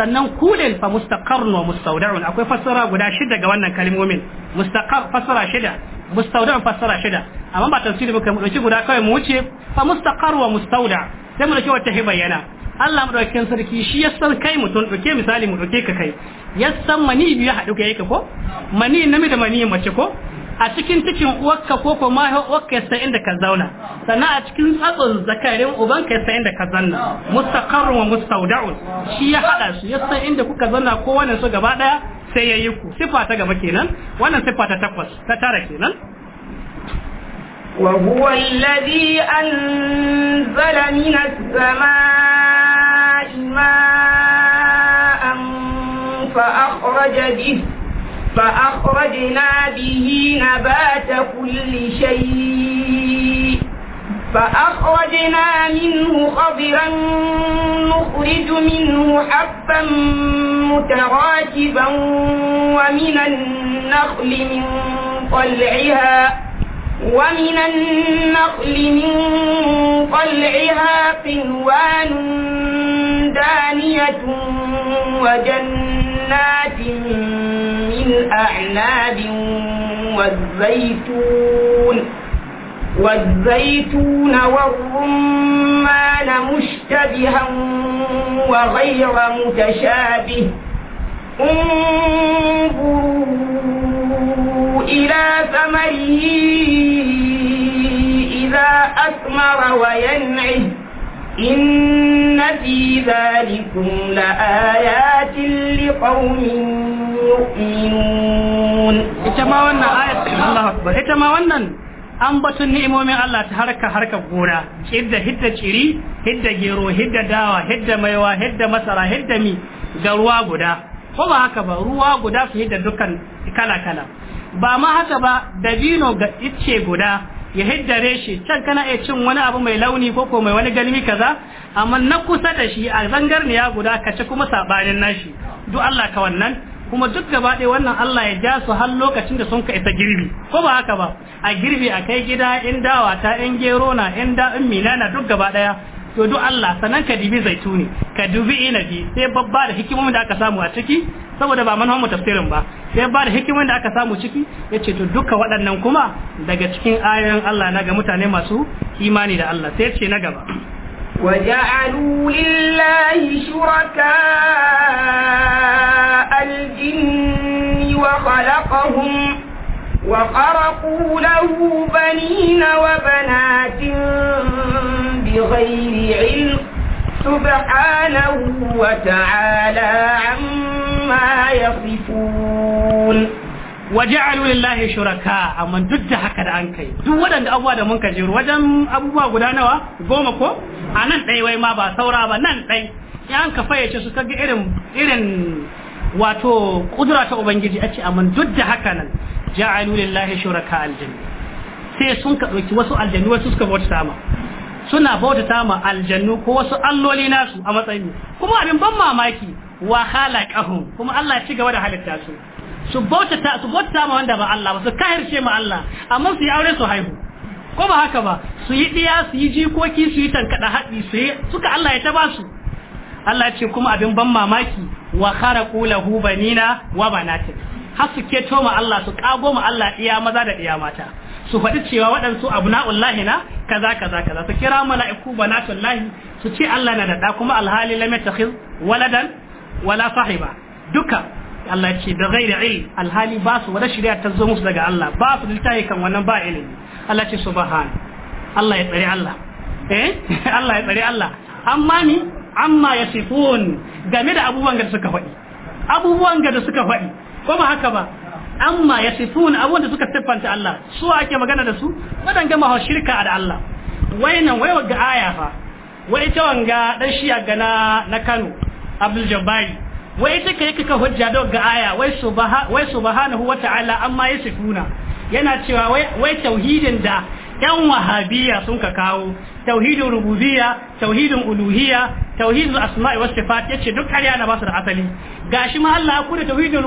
sannan kulin fa mustaqarrun wa mustawda'un akwai fassara guda shida ga wannan kalimomin mustaqar fassara shida mustawda'un fassara shida amma ba tafsiri muka mu dauki guda kawai mu wuce fa mustaqar wa mustawda sai mu dauki wata bayyana. Allah mu madaukakin sarki shi ya san kai mutum dauke misali mu dauke ka kai ya san mani biyu haɗu ka yake ko mani namiji da mani mace ko a cikin cikin uwarka ko ko ma uwarka ya inda ka zauna sannan a cikin tsatsun zakarin ubanka ya inda ka zanna mustaqarrun wa mustawda'un shi ya hada su ya san inda kuka zanna ko wannan su gaba daya sai ya yi ku sifa ta gaba kenan wannan sifa ta takwas ta tara kenan وهو الذي أنزل من السماء ماء فأخرج به فأخرجنا به نبات كل شيء فأخرجنا منه خضرا نخرج منه حبا متراكبا ومن النخل من طلعها ومن النخل من طلعها قنوان دانية وجنات والأعناب والزيتون والزيتون والرمان مشتبها وغير متشابه انظروا إلى ثمره إذا أثمر وينعه إن في ذلكم لآيات لقوم يؤمنون ita ma wannan ayat Allah akbar ita ma wannan an batu ni'imomin Allah ta harka harka gona hidda hidda ciri hidda gero hidda dawa hidda maiwa hidda masara hidda mi ga ruwa guda ko ba haka ba ruwa guda su hidda dukkan kala kala ba ma haka ba dabino ga icce guda ya hidda reshe can kana iya cin wani abu mai launi ko ko mai wani galmi kaza amma na kusa da shi a zangarniya guda ka ci kuma sabanin nashi duk Allah ka wannan kuma duk gaba ɗaya wannan Allah ya ja su har lokacin da sun ka isa girbi ko ba haka ba a girbi a kai gida in dawa ta in gero na in da in na duk gaba ɗaya to duk Allah sanan ka dibi zaituni ka dubi inabi sai babba da hikimomin da aka samu a ciki saboda ba manhon tafsirin ba sai ba da hikimomin da aka samu ciki yace to duka waɗannan kuma daga cikin ayoyin Allah na ga mutane masu imani da Allah sai ce na gaba وجعلوا لله شركاء الجن وخلقهم وخرقوا له بنين وبنات بغير علم سبحانه وتعالى عما يصفون وجعلوا لله شركاء amma duk da haka da an kai duk waɗanda abubuwa da mun ka jiru wajen abubuwa guda nawa goma ko a nan ɗai wai ma ba saura ba nan ɗai ya an ka fayyace su kaga irin irin wato kudura ta ubangiji a ce amma duk da haka nan ja'alu lillahi shuraka aljanna sai sun ka dauki wasu aljanu wasu suka bauta sama suna bauta ma aljannu ko wasu alloli nasu a matsayin kuma abin ban mamaki wa khalaqahum kuma Allah ya ci gaba da halitta su su bauta ta su bauta ma wanda ba Allah ba su kahirce ma Allah amma su yi aure su haihu ko ba haka ba su yi diya su yi jikoki su yi tankada haɗi su yi suka Allah ya ta ba su Allah ya ce kuma abin ban mamaki wa kharaqu lahu banina wa banatin har su keto ma Allah su kago ma Allah iya maza da iya mata su faɗi cewa waɗansu abna'ullahi na kaza kaza kaza su kira mala'iku banatullahi su ce Allah na da kuma alhali lam yatakhiz waladan wala sahiba duka Allah ce da ghairi ilm alhali ba su wani shari'a ta zo musu daga Allah ba su littafi kan wannan ba ilimi Allah ce subhan Allah ya tsare Allah eh *laughs* Allah ya tsare Allah amma ni amma ya sifun game da abubuwan da suka faɗi abubuwan da suka faɗi ko ba haka ba amma ya sifun abubuwan da suka siffanta Allah su ake magana da su waɗanda maha shirka da Allah wayanan wai ga aya fa wai ita wanga dan shi ga na na Kano Abdul Jabbari wai ita kai kika hujja da ga aya wai subha wai subhanahu wata'ala amma ya sifuna yana cewa wai tauhidin da yan wahabiya sun ka kawo tauhidin rububiyya tauhidin uluhiyya tauhidin asma'i was sifat yace duk ƙarya na ba su da asali gashi ma Allah ya kuda tauhidin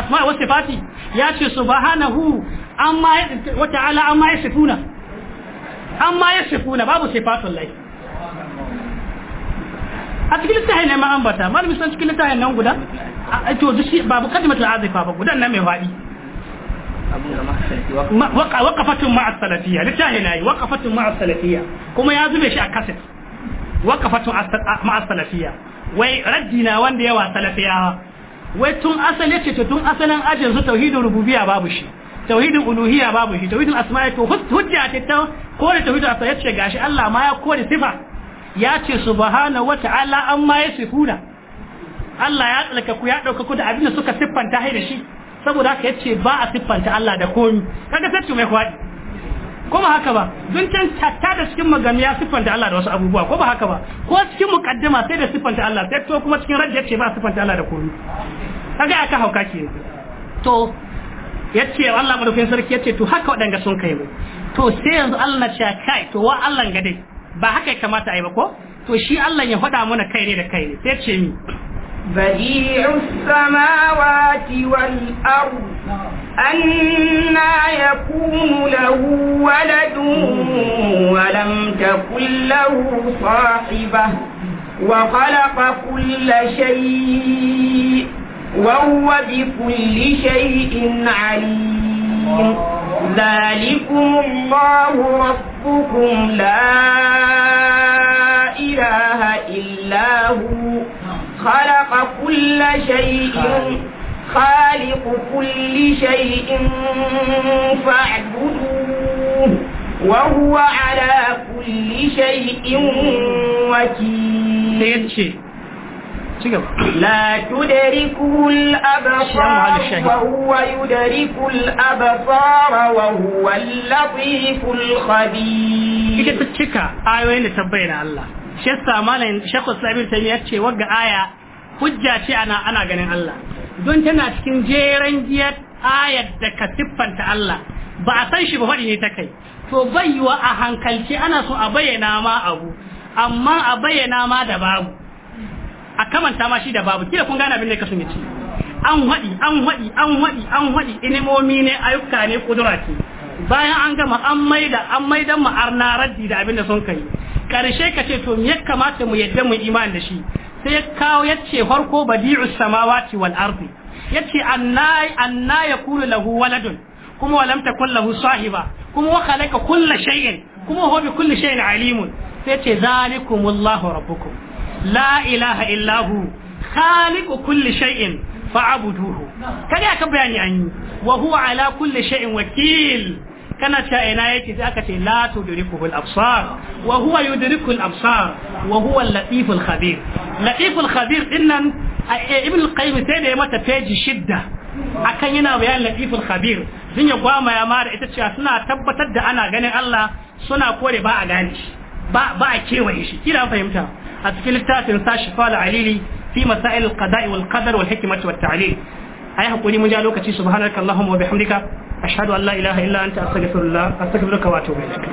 asma'i was sifati yace subhanahu amma wa ta'ala amma yasifuna amma yasifuna babu sifatul lahi a cikin littafin ne ma ambata malamin san cikin littafin nan guda to duk babu kadimatul azifa ba gudan nan mai faɗi waqafatun ma'a salafiyya littafi nayi waqafatun ma'a salafiyya kuma ya zube shi a kaset waqafatun ma'a salafiyya wai raddi na wanda yawa salafiyawa wai tun asali yace to tun asalin ajin su tauhidin rububiyya babu shi tauhidin uluhiyya babu shi tauhidin asma'i to hujja ta ta kore tauhidin asma'i ce gashi Allah ma ya kore sifa ya ce subhanahu wata'ala amma ya sifuna Allah ya tsalka ya dauka ku da abin da suka siffanta hai da shi saboda haka yace ba a siffanta Allah da komi kaga sai mai kwadi ko ba haka ba dun can tatta da cikin magana ya siffanta Allah da wasu abubuwa ko ba haka ba ko cikin muqaddima sai da siffanta Allah sai to kuma cikin radda yace ba a siffanta Allah da komi kaga aka hauka ke to yace Allah madaukakin sarki yace to haka wadanga sun kai mu to sai yanzu Allah ce kai to wa Allah ga dai ba haka ya kamata ai ba ko to shi Allah ya faɗa mana kai ne da kai ne sai ce mi بديع السماوات والأرض أنا يكون له ولد ولم تكن له صاحبة وخلق كل شيء وهو بكل شيء عليم ذلكم الله ربكم لا إله إلا هو خلق كل شيء خالق كل شيء فاعبدوه وهو على كل شيء وكيل لا تدركه الأبصار وهو يدرك الأبصار وهو اللطيف الخبير ita ta cika ayoyin da tabbayin Allah shesta yasa malam Sheikh Islam Ibn ya ce wagga aya hujja ce ana ana ganin Allah don tana cikin jeran giyar ayar da ka siffanta Allah ba a san shi ba faɗi ne ta kai to baiwa a hankalce ana so a bayyana ma abu amma a bayyana ma da babu a kamanta ma shi da babu kila kun gane abin da ka sun yace an haɗi an haɗi an haɗi an haɗi ilimomi ne ayyuka ne kudura ce bayan an gama an maida an maidan ma'arna raddi da abin da sun kai karshe ka ce to me ya kamata mu yadda mu imani da shi sai ya kawo yace farko badi'us samawati wal ardi yace annay ya yakunu lahu waladun kuma walam takul lahu sahiba kuma wa khalaqa kulla shay'in kuma huwa bi kulli shay'in alimun sai yace zalikumullahu rabbukum la ilaha illa hu khaliqu kulli shay'in fa'buduhu kaga ka bayani an yi wa huwa ala kulli shay'in wakil kana cewa ina yake sai aka ce la tudrikuhul absar wa huwa yudrikul absar wa huwa al-latiful khabir latiful khabir dinnan e, ibn al-qayyim sai da mata peji shidda akan yana bayan latiful khabir din ya gwama ya mara ita cewa suna tabbatar da ana ganin Allah suna kore ba a gane ba ba a kewaye shi kira fahimta a cikin littafin sashi fala alili fi masail qadai wal qadar wal a wat ta'lil ai hakuri mun ja lokaci subhanakallahumma wa bihamdika أشهد أن لا إله إلا أنت أستغفر الله أستغفرك وأتوب إليك